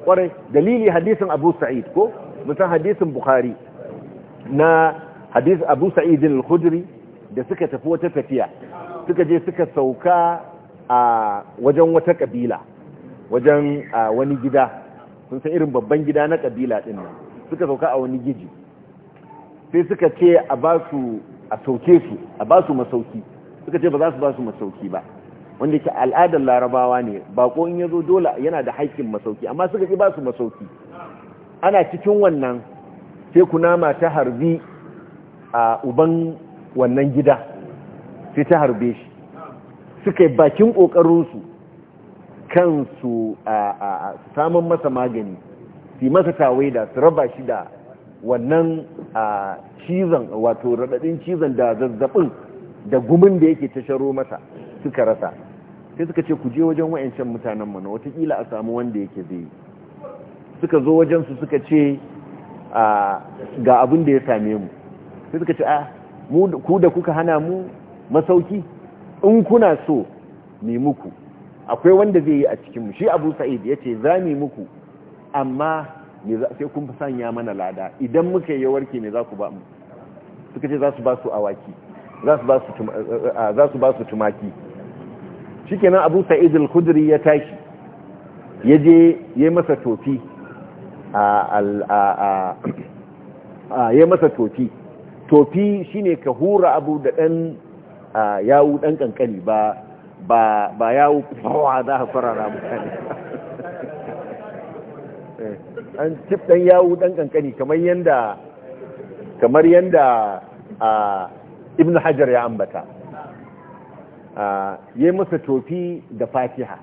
kwarai dalili hadisin abu sa'id ko mutum hadisin bukhari na hadis abu sa'id al da suka tafi wata tafiya suka je suka sauka a wajen wata kabila wajen wani gida sun san irin babban gida na kabila din nan suka sauka a wani giji sai suka ce a ba su a sauke su a ba su masauki suka ce ba za su ba su masauki ba wanda ke al'adar larabawa ne bako in ya zo dole yana da haƙƙin masauki amma suka ki ba su masauki ana cikin wannan sai kunama ta harbi a uban wannan gida sai ta harbe shi suka yi bakin ƙoƙarinsu kan su samun masa magani su masa tawai da su raba shi da wannan cizon wato raɗaɗin cizon da zazzaɓin da gumin da yake tasharo masa suka rasa sai suka ce ku je wajen wa'ancan mutanen mana watakila a samu wanda yake zai suka zo wajensu suka ce ga abin da ya same mu sai suka ce a ku da kuka hana mu masauki in kuna so ne muku akwai wanda zai yi a cikinmu shi abu sa'id ya ce za mu muku amma sai kun fi sanya mana lada idan muka yi warke ne za ku ba mu suka ce za su ba su awaki za su ba su tumaki nan abu sa'id al-khudri ya tashi ya je ya masa tofi a ya masa tofi tofi shine ka hura abu da dan yawu dan kankani ba ba ba yawu fawa za ka farara mutane eh, an cif dan yawu dan kankani kamar yanda kamar yanda ibn hajar ya ambata ya masa tofi da fatiha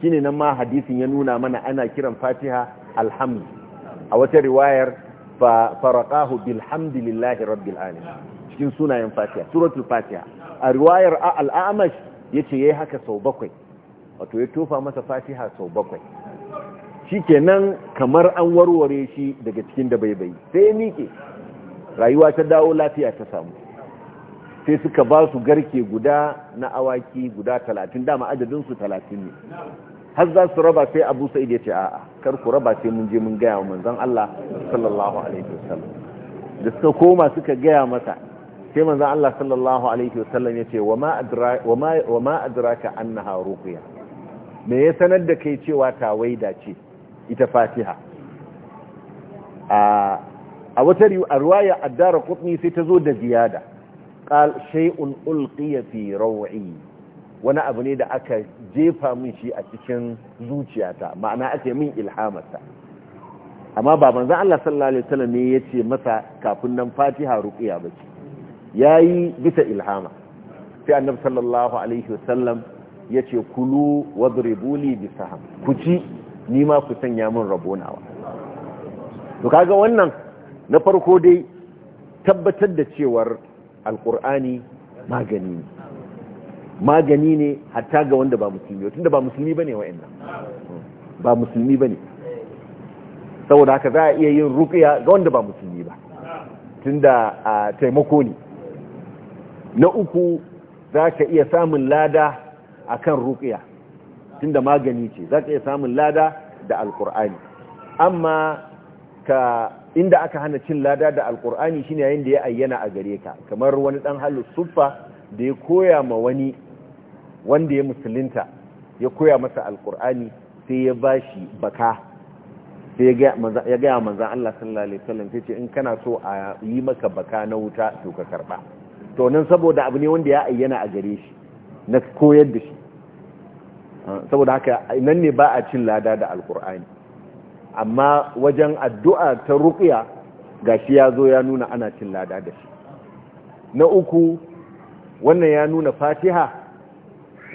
shine nan ma hadisin ya nuna mana ana kiran fatiha alhamdu a wata riwayar faraqahu bilhamdulillahi rabbil alamin cikin sunayen fatiha suratul fatiha a riwayar al-amash yace yayi haka sau bakwai wato ya tofa masa fatiha sau bakwai shi shikenan kamar an warware shi daga cikin da bai bai sai ya miƙe rayuwa ta dawo lafiya ta samu sai suka ba su garke guda na awaki guda talatin dama adadinsu talatin ne har za su raba sai abu sa'id ya ce a'a kar ku raba sai mun je mun gaya wa manzan Allah sallallahu alaihi wasallam da suka koma suka gaya masa sai manzan Allah sallallahu alaihi wasallam ya ce wa ma adraka annaha ruqya me ya sanar da kai cewa ta tawaida ce ita fatiha a a wata riwaya addara qutni sai ta zo da ziyada qal shay'un ulqiya fi wani abu ne da aka jefa min shi a cikin zuciyata ma'ana ake min ilhamata amma ba manzo Allah sallallahu alaihi wasallam ne yace masa kafin nan Fatiha ruqiya bace yayi bisa ilhama sai annabi sallallahu alaihi wasallam yace kulu wadribu li bisaham ku ci ni ma ku sanya min rabonawa to kaga wannan na farko dai tabbatar da cewar alkur'ani magani ne magani ne hatta ga wanda ba musulmi ba tunda ba musulmi bane nan ba musulmi ba ne saboda haka za a iya yin rukiya ga wanda ba musulmi ba tunda taimako ne na uku za ka iya samun lada akan ruqya tunda magani ce za ka iya samun lada da alkur'ani amma ka inda aka hana cin lada da alkur'ani shine yayin da ya ayyana a gare ka kamar wani dan halu suffa da ya koya ma wani wanda ya musulunta ya koya masa alkur'ani sai ya bashi baka sai ya ga manzan Allah sallallahu alaihi wasallam sai ce in kana so a yi maka baka na wuta to ka karba to nan saboda abu ne wanda ya ayyana a gare shi na koyar da shi ah, saboda haka nan ne ba a cin lada da alkur'ani amma wajen addu'a ta ruƙiya ga shi ya zo ya nuna ana cin lada da shi na uku wannan ya nuna fatiha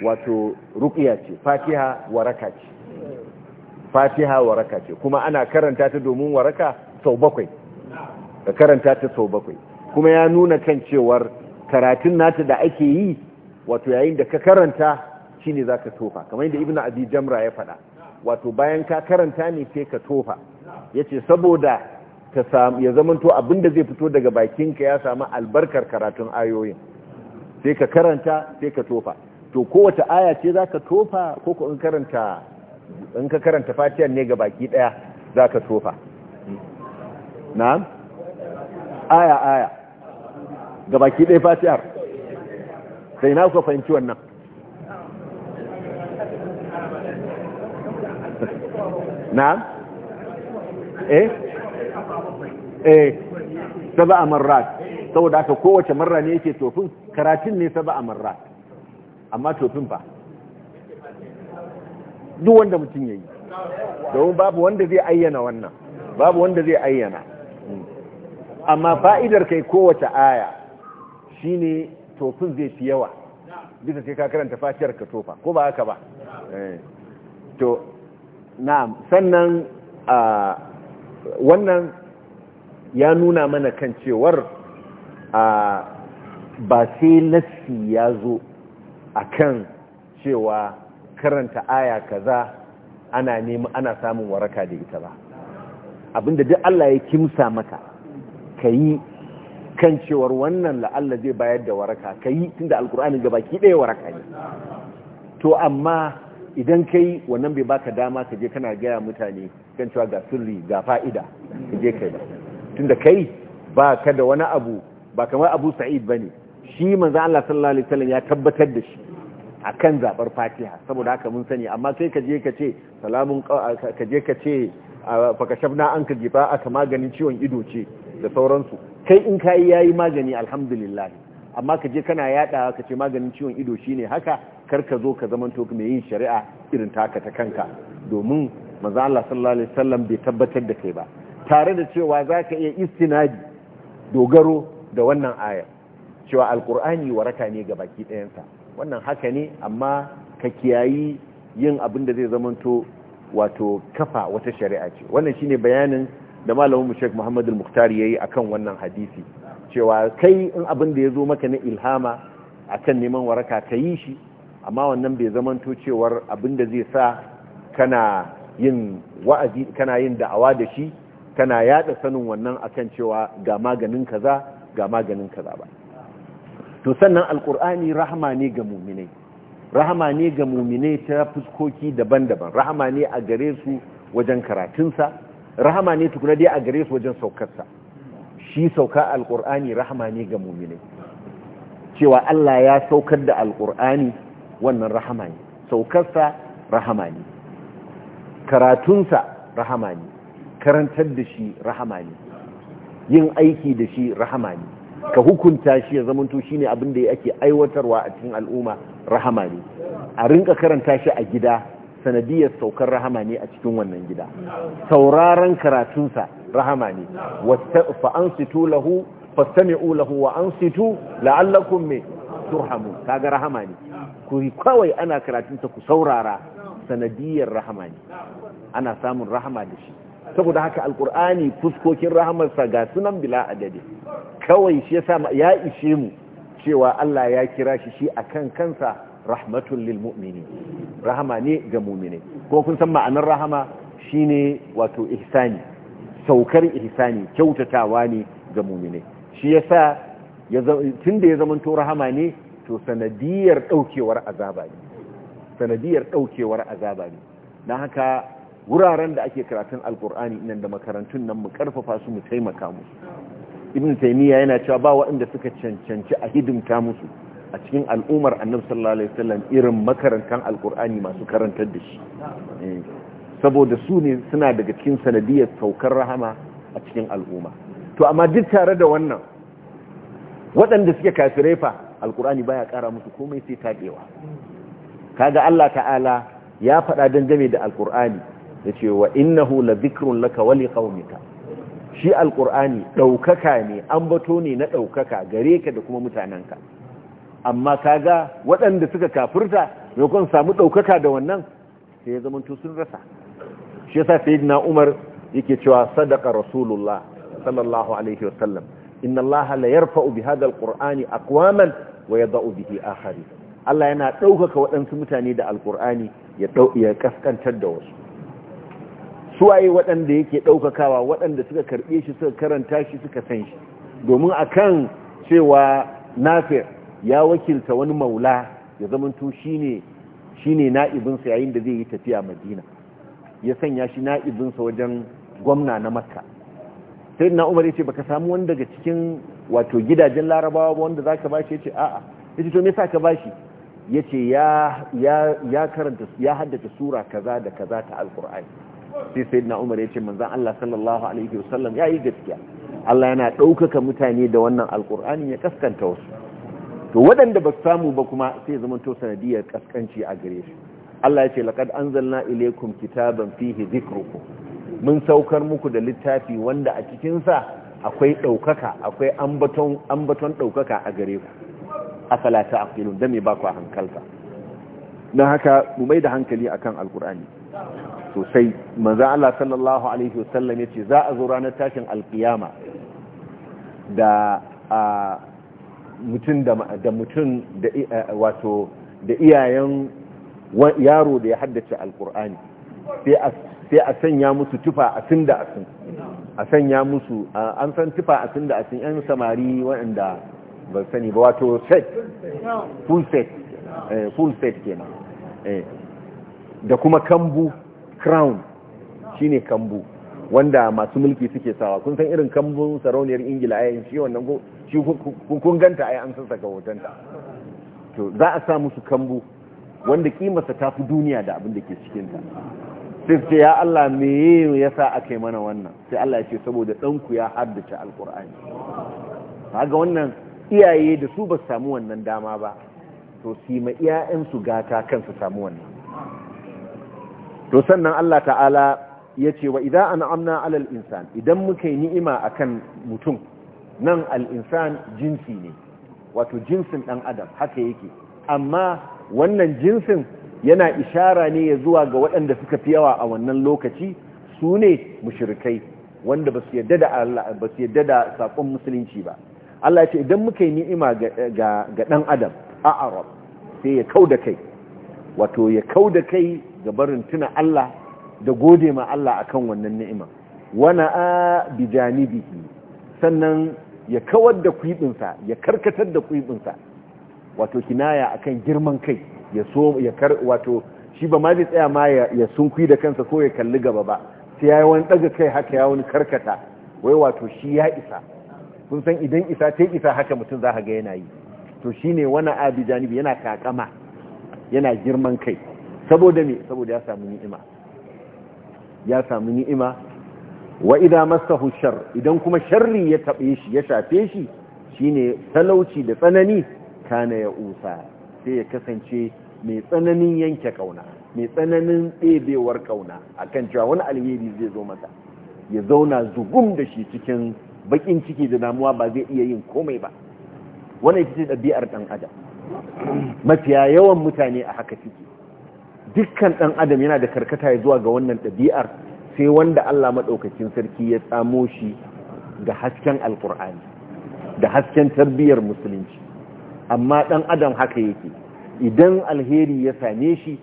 wato ruƙiya ce fatiha waraka ce fatiha waraka ce kuma ana karanta ta domin waraka sau bakwai da karanta ta sau bakwai kuma ya nuna kan cewar karatun nata da ake yi wato yayin da ka karanta shi ne za ka tofa kamar yadda Ibn abi jamra ya faɗa wato bayan ka karanta ne sai ka tofa yace saboda ya zamanto abinda zai fito daga bakinka ya samu albarkar karatun ayoyin sai ka karanta sai ka tofa to kowace aya ce ka tofa ko ku in karanta in ka karanta fatiyar ne ga baki daya ka tofa Na, aya aya ga baki daya fatiyar sai na ku fahimci wannan na'am eh eh sab'a marrat saboda haka kowace marra ne yake tofin karatun ne sab'a marrat amma tofin ba duk wanda mutum ya yi, domin babu wanda zai ayyana wannan babu wanda zai ayyana amma fa'idar kai kowace aya shine tofin zai fi yawa bisa sai ka karanta fatiyar ka tofa ko ba haka ba to na'am sannan wannan ya nuna mana kan cewar ba sai nassi ya zo a kan cewa karanta aya kaza ana neman ana samun waraka da ita ba abinda duk Allah ya kimsa maka ka yi kan cewar wannan la'alla zai bayar da waraka ka yi kayi tunda alkur'ani gabaki ɗaya waraka ne to amma idan kai wannan bai baka dama ka je kana gaya mutane kan cewa ga sirri ga fa'ida ka je kai tunda kai ba ka da wani abu ba kamar abu sa'id ba ne shi manzo Allah sallallahu alaihi wasallam ya tabbatar da shi kan zabar Fatiha saboda haka mun sani amma kai ka je ka ce salamun ka je ka ce fakashabna an ka jifa aka maganin ciwon ido ce da sauransu kai in kai yayi magani alhamdulillah amma ka je kana yada ka ce maganin ciwon ido shi ne haka karka zo ka zamanto mai yin shari'a irin taka ta kanka domin manzo sallallahu alaihi wasallam bai tabbatar da kai ba tare da cewa za ka iya istinadi dogaro da wannan ayar cewa alkur'ani waraka ne ga baki ɗayansa wannan haka ne amma ka kiyayi yin abin da zai zamanto wato kafa wata shari'a ce wannan shine bayanin da malamin mu Sheikh Muhammad Al-Mukhtar yayi akan wannan hadisi cewa kai in abin da yazo maka na ilhama akan neman waraka ka yi shi amma wannan bai zamanto cewar abinda zai sa kana yin wa'azi kana yin da'awa da shi kana yada sanin wannan akan cewa ga maganin kaza ga maganin kaza ba to sannan alkur'ani rahama ne ga muminai rahama ne ga muminai ta fuskoki daban-daban rahama ne a gare su wajen karatun sa rahama ne tukuna dai a gare su wajen saukar sa shi sauka alkur'ani rahama ne ga muminai cewa Allah ya saukar da alkur'ani wannan rahama ne saukarsa rahama ne karatunsa rahama ne karantar da shi rahama ne yin aiki da shi rahama ne ka hukunta shi ya zamanto shi ne abinda ya ake aiwatarwa a cikin al'umma rahama ne a rinka karanta shi a gida sanadiyar saukar rahama ne a cikin wannan gida sauraron karatunsa rahama ne fa'ansitu lahu fastami'u lahu waansitu ansitu mai me turhamu kaga rahama ne kuskuri kawai ana karatunta ku saurara sanadiyar rahama ne ana samun rahama da shi saboda haka alkur'ani fuskokin rahamarsa ga sunan bila adadi kawai shi ya ishe mu cewa Allah ya kira shi shi akan kansa rahmatul lil mumini rahama ne ga mu'mini ko kun san ma'anar rahama shine wato ihsani saukar ihsani kyautatawa ne ga mu'mini shi yasa tunda ya zamanto rahama ne to sanadiyar daukewar azaba ne sanadiyar daukewar azaba ne na haka wuraren da ake karatun alkur'ani inan da makarantun nan mu karfafa su mu taimaka musu ibn taymiya yana cewa ba waɗanda suka cancanci a hidimta musu a cikin al'ummar annabi sallallahu alaihi wasallam irin makarantan alkur'ani masu karantar da shi eh, saboda su ne suna daga cikin sanadiyar saukar rahama a cikin al'umma to amma duk tare da wannan waɗanda suke kafirai fa alkur'ani baya ƙara musu komai sai ka ga Allah ta'ala ya faɗa dangane da alkur'ani da ce wa innahu la zikrun laka wa liqaumika shi alkur'ani ɗaukaka ne ambato ne na ɗaukaka gare ka da kuma mutanenka amma kaga waɗanda suka kafirta maimakon samu ɗaukaka da wannan sai ya zama sun rasa shi yasa sayyidina Umar yake cewa sadaqa rasulullah sallallahu alaihi wasallam inna Allah la yarfa'u bi hadha alqur'ani aqwaman wa yada'u bihi akharin Allah yana ɗaukaka waɗansu mutane da alkur'ani ya ƙasƙantar da wasu Su waye waɗanda yake ɗaukakawa waɗanda suka karɓe shi suka karanta shi suka san shi domin akan cewa nafir ya wakilta wani maula ya zamanto shi ne na'ibinsa yayin da zai yi tafiya madina ya sanya shi na'ibinsa wajen gwamna na makka sai na umar ya ce baka samu wani daga cikin wato gidajen larabawa ba wanda za ka bashi ya ce a'a ya ce to me sa ka bashi ya ce ya karanta ya haddace sura kaza da kaza ta alkur'ani sai sai na umar ya ce manzan Allah sallallahu alaihi wasallam ya yi gaskiya Allah yana ɗaukaka mutane da wannan alkur'ani ya kaskanta wasu to waɗanda ba su samu ba kuma sai zama to sanadiyar kaskanci a gare shi Allah ya ce laqad anzalna ilaykum kitaban fihi dhikrukum mun saukar muku da littafi wanda a cikinsa akwai ɗaukaka akwai ambaton ɗaukaka a gare ku a salata a filin da mai ba ku a hankalta na haka mu mai da hankali akan alkur'ani sosai maza Allah sallallahu alaihi wasallam ya ce za a zo ranar tashin alkiyama da mutum da mutum da da iyayen yaro da ya haddace alkur'ani sai a sai a sanya musu tufa a sun da asin a sanya musu an san tufa a sun da asin yan samari waɗanda ba sani ba wato set full set eh, full set kenan eh. da kuma kambu crown shine kambu wanda masu mulki suke sawa kun san irin kambun sarauniyar ingila ayin shi wannan ko shi kun ganta ai an san saka hotonta to za a sa musu kambu wanda kimarsa ta fi duniya da abin da ke cikinta sai ya Allah meye yasa ake mana wannan sai Allah ya ce saboda ɗanku ya haddace alkur'ani kaga wannan iyaye da su ba samu wannan dama ba to si ma iyayensu gata kansu samu wannan to sannan Allah ta'ala ya ce wa idan an'amna alal insan idan muka yi ni'ima akan mutum nan al'insan jinsi ne wato jinsin ɗan adam haka yake amma wannan jinsin yana ishara ne ya zuwa ga waɗanda suka fi yawa a wannan lokaci su ne mashirikai wanda ba su yadda da Allah sakon musulunci ba Allah ya ce idan muka yi ni'ima ga ɗan adam a arab sai ya kauda kai wato ya kauda kai ga barin tuna Allah da gode ma Allah akan wannan ni'ima wana a biki sannan ya kawar da kuɗinsa, ya karkatar da kuɗinsa. wato kinaya akan girman kai ya so ya kar wato shi ba ma zai tsaya ma ya sunkwi da kansa ko ya kalli gaba ba sai ya yi wani daga kai haka ya wani karkata wai wato shi ya isa kun san idan isa ta isa haka mutum za ga yana yi to shi ne wani abi janibi yana kakama yana girman kai saboda me saboda ya samu ni'ima ya samu ni'ima wa idza massahu shar idan kuma sharri ya tabe shi ya shafe shi shine talauci da tsanani kana ya usa sai ya kasance mai tsananin yanke kauna mai tsananin ɗebewar kauna kan cewa wani alheri zai zo masa ya zauna zugum da shi cikin bakin ciki da damuwa ba zai iya yin komai ba Wani ita ce ɗabi'ar ɗan adam mafiya yawan mutane a haka ciki dukkan ɗan adam yana da karkata ya zuwa ga wannan ɗabi'ar sai wanda Allah maɗaukacin sarki ya tsamo shi ga hasken alkur'ani da hasken tarbiyyar musulunci amma ɗan adam haka yake idan alheri ya same shi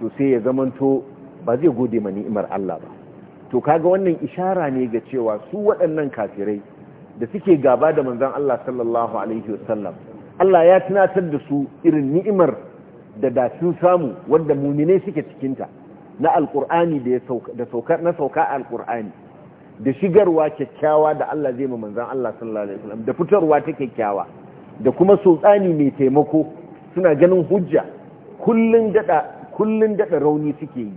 to sai ya zamanto ba zai gode ma ni'imar Allah ba to kaga wannan ishara ne ga cewa su waɗannan kafirai da suke gaba da manzon Allah sallallahu alaihi wasallam Allah ya tunatar da su irin ni'imar da da sun samu wanda mumine suke cikinta na alqur'ani da ya sauka da sauka na sauka alqur'ani da shigarwa kyakkyawa da Allah zai ma manzon Allah sallallahu alaihi wasallam da fitarwa ta kyakkyawa da kuma sultani mai taimako suna ganin hujja kullun daɗa rauni suke yi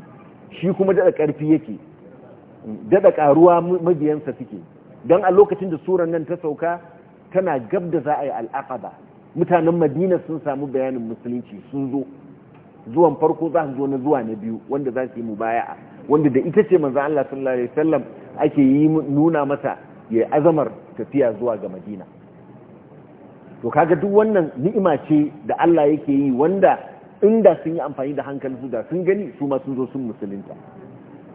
shi kuma dada karfi yake daɗa karuwa mabiyansa suke don a lokacin da suran nan ta sauka tana gab da za a yi al'aqaba mutanen madina sun samu bayanin musulunci sun zo zuwan farko za su zo na zuwa na biyu wanda za su yi mubaya'a wanda da ita ce manzo Allah sallallahu alaihi wasallam ake yi nuna masa ya azamar tafiya zuwa ga madina to kaga duk wannan ni'ima ce da Allah yake yi wanda inda sun yi amfani da hankali su da sun gani su ma sun zo sun musulunta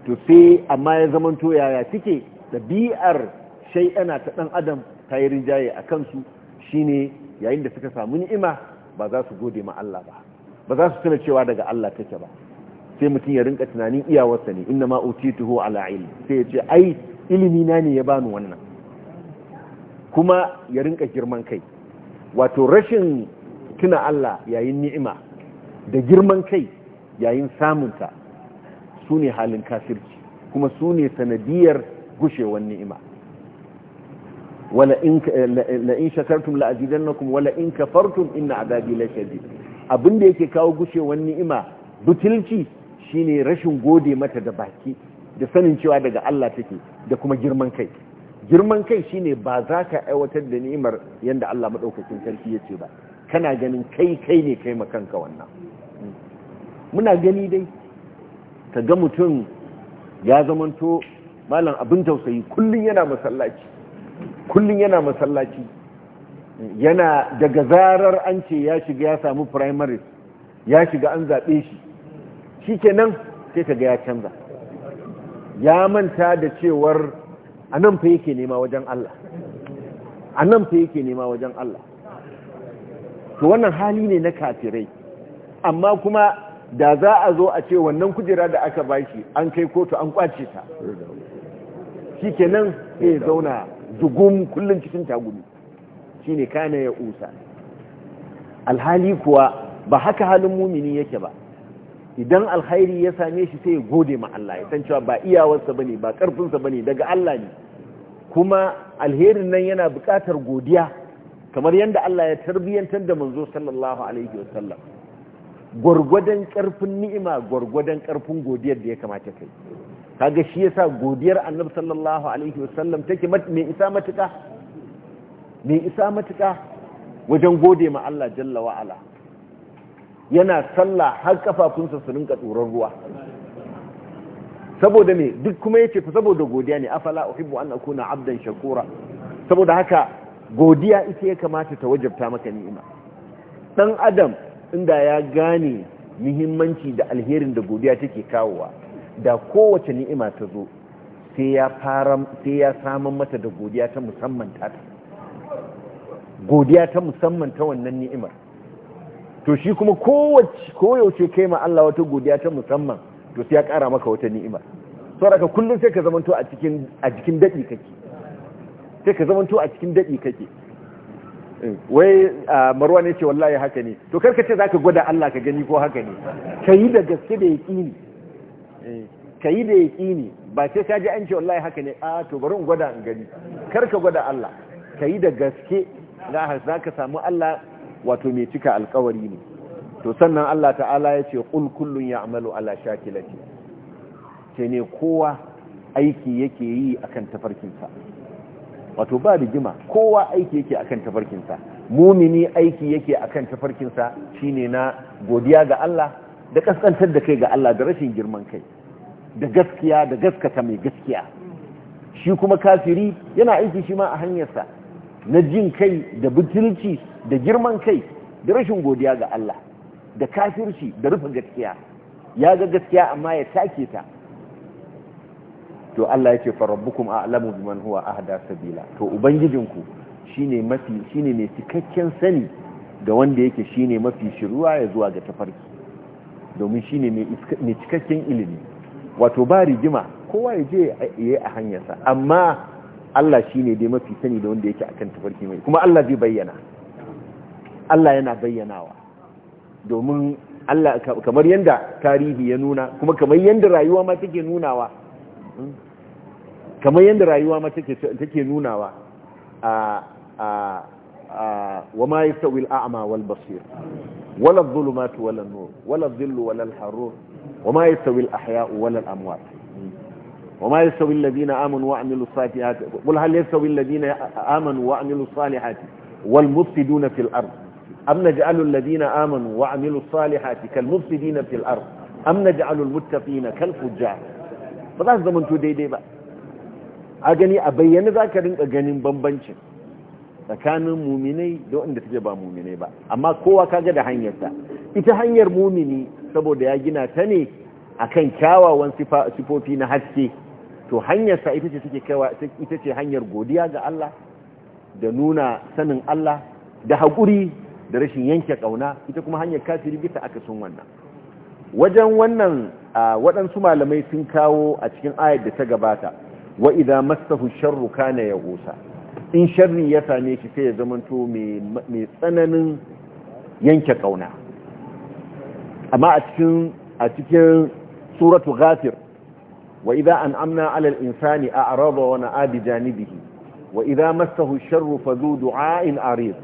to sai amma ya zamanto yaya suke ɗabi'ar shai'ana ta ɗan adam ta yi rinjaye a kansu shine yayin da suka samu ni'ima ba za su gode ma Allah ba ba za su tuna cewa daga Allah take ba sai mutum ya rinka tunanin iyawarsa ne inna ma utituhu ala ilmi sai ya ce ai ilimi na ne ya bani wannan kuma ya rinka girman kai wato rashin tuna Allah yayin ni'ima da girman kai yayin samunta su ne halin kafirci kuma su ne sanadiyar gushewar ni'ima Wala in shakartum la azidannakum wala in kafartum inna azabi la shadid abin da yake kawo gushewar ni'ima butulci shine rashin gode mata da baki da sanin cewa daga Allah take da kuma girman kai girman kai shine ba za ka aiwatar da ni'imar yadda Allah maɗaukacin sarki ya ce ba kana ganin kai kai ne kai makanka wannan muna gani dai ka ga mutum ya zamanto malam abin tausayi kullum yana masallaci kullum yana masallaci yana daga zarar an ce ya shiga ya samu primary ya shiga an zaɓe shi shi kenan sai ka ga ya canza ya manta da cewar a nan fa yake nema wajen Allah a nan fa yake nema wajen Allah to wannan hali ne na kafirai amma kuma da za a zo a ce wannan kujera da aka bashi an kai kotu an kwace ta shi kenan sai zauna dugum kullum cikin tagumi shine ne ya usa alhali kuwa ba haka halin mumini yake ba idan alkhairi ya same shi sai ya gode ma Allah ya san cewa ba iyawarsa bane ba karfinsa bane daga Allah ne kuma alherin nan yana buƙatar godiya kamar yadda Allah ya tarbiyantar da manzo sallallahu alaihi wasallam gwargwadon karfin ni'ima gwargwadon karfin godiyar da ya kamata kai kaga shi yasa godiyar annabi sallallahu alaihi wasallam take mai isa matuka mai isa matuka wajen gode ma Allah jalla wa ala yana sallah har kafafunsa su rinka tsoron ruwa saboda ne duk kuma yace fa saboda godiya ne afala uhibbu an akuna abdan shakura saboda haka godiya ita ya kamata ta wajabta maka ni'ima dan adam inda ya gane muhimmanci da alherin da godiya take kawowa da kowace ni'ima ta zo sai ya fara sai ya saman mata da godiya ta musamman ta godiya ta musamman ta wannan ni'imar to shi kuma kowace koyaushe kai ma Allah wata godiya ta musamman to sai ya kara maka wata ni'ima saboda kullun sai ka zamanto a cikin a cikin dadi kake sai ka zamanto a cikin dadi kake eh, wai marwa ne ce wallahi haka ne to karka ce zaka gwada Allah ka gani ko haka ne yi da gaske da yaqini eh, kayi da yaqini ba sai ka ji an ce wallahi haka ne a to bari in gwada in gani karka gwada Allah yi da gaske za ka samu Allah wato mai cika alkawari ne to sannan Allah ta'ala ya ce qul kullun ya'malu ala shakilati ce ne kowa aiki yake yi akan tafarkinsa wato ba rigima kowa aiki yake akan tafarkinsa mumini aiki yake akan tafarkinsa shine na godiya ga Allah da kaskantar da kai ga Allah da rashin girman kai da gaskiya da gaskata mai gaskiya shi kuma kafiri yana aiki shi ma a hanyarsa na jin kai da butulci da girman kai da rashin godiya ga Allah da kafirci da rufe gaskiya ya ga gaskiya amma ya take ta to Allah ya ce rabbukum a'lamu biman huwa ahda sabila to ubangijinku shine mafi shine mai cikakken sani ga wanda yake shine mafi shiruwa ya zuwa ga tafarki domin shine mai cikakken ilimi wato ba rigima kowa ya je yayi a hanyarsa amma Allah shi ne dai mafi sani da wanda yake akan tafarki mai kuma Allah zai bayyana Allah yana bayyanawa domin Allah kamar yadda tarihi ya nuna kuma kamar yadda rayuwa ma take nunawa hmm? kamar yadda rayuwa ma take nunawa a a a wa ma yastawi al wal basir wala adh-dhulumatu wala an-nur wala adh-dhillu wala al-harur wa ma yastawi al-ahya'u wala al-amwat وما يستوي الذين آمنوا وعملوا الصالحات قل هل يستوي الذين آمنوا وعملوا الصالحات والمفسدون في الأرض أم نجعل الذين آمنوا وعملوا الصالحات كالمفسدين في الأرض أم نجعل المتقين كالفجار فذا زمن تديدي بقى أغني أبين ذاك رنك أغني بمبنشن tsakanin مؤمني دو wanda suke ba muminai ba amma kowa kaga da hanyarsa ita hanyar mumini saboda ya gina ta ne akan kyawawan sifofi na haske to hanyarsa ita ce take kaiwa ita ce hanyar godiya ga Allah da nuna sanin Allah da haƙuri da rashin yanke ƙauna ita kuma hanyar kafiri bisa aka sun wannan wajen wannan waɗansu malamai sun kawo a cikin ayar da ta gabata wa idza massahu sharru kana yahusa in sharri ya same shi sai ya zamanto mai tsananin yanke ƙauna amma a cikin a cikin suratu ghafir wa idan an amna alal insani a'rada wa na'a bi janibihi wa idan massahu sharru fa dhu du'a'in arid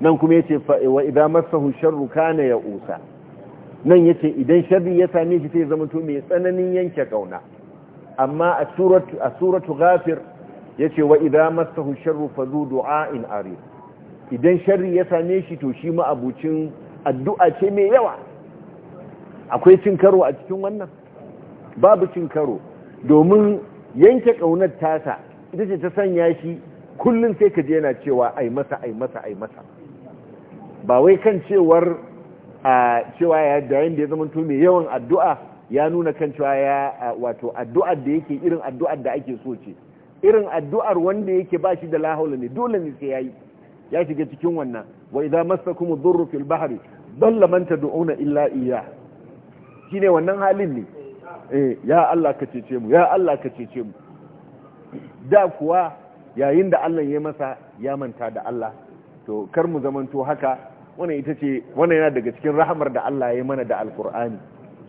nan kuma yace wa idan massahu ash-sharru kana ya'usa nan yace idan sharri ya same shi sai zama to mai tsananin yanke kauna amma a suratu a suratu ghafir yace wa idan massahu sharru fa dhu du'a'in arid idan sharri ya same shi to shi ma abucin addu'a ce mai yawa akwai cin karo a cikin wannan babu cin karo domin yanke ƙaunar tasa ita ce ta sanya shi kullum sai ka je yana cewa ai masa ai masa ai masa ba wai kan cewar a cewa ya dayan da ya zama mai yawan addu'a ya nuna kan cewa ya wato addu'ar da yake irin addu'ar da ake so ce irin addu'ar wanda yake ba shi da lahaula ne dole ne sai yayi ya shiga cikin wannan wa idza massakum kuma fil bahri dalla man tad'una illa iyyah shine wannan halin ne eh ya Allah ka cece mu ya Allah ka cece mu da kuwa yayin da Allah ya masa ya manta da Allah to kar mu zamanto haka wannan ita ce wannan yana daga cikin rahamar da Allah ya mana da alkur'ani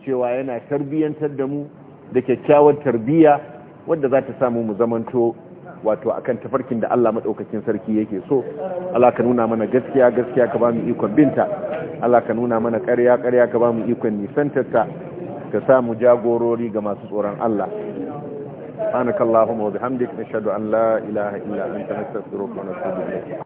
cewa yana tarbiyyantar da mu da kyakkyawar tarbiya wadda za ta samu mu zamanto wato akan tafarkin da Allah madaukakin sarki yake so Allah ka nuna mana gaskiya gaskiya ka ba mu ikon binta Allah ka nuna mana ƙarya ƙarya ka ba mu ikon nisantarta ka samu jagorori ga masu tsoron Allah. Subhanakallahumma wa bihamdika nashhadu an la ilaha illa anta nastaghfiruka wa natubu ilayk.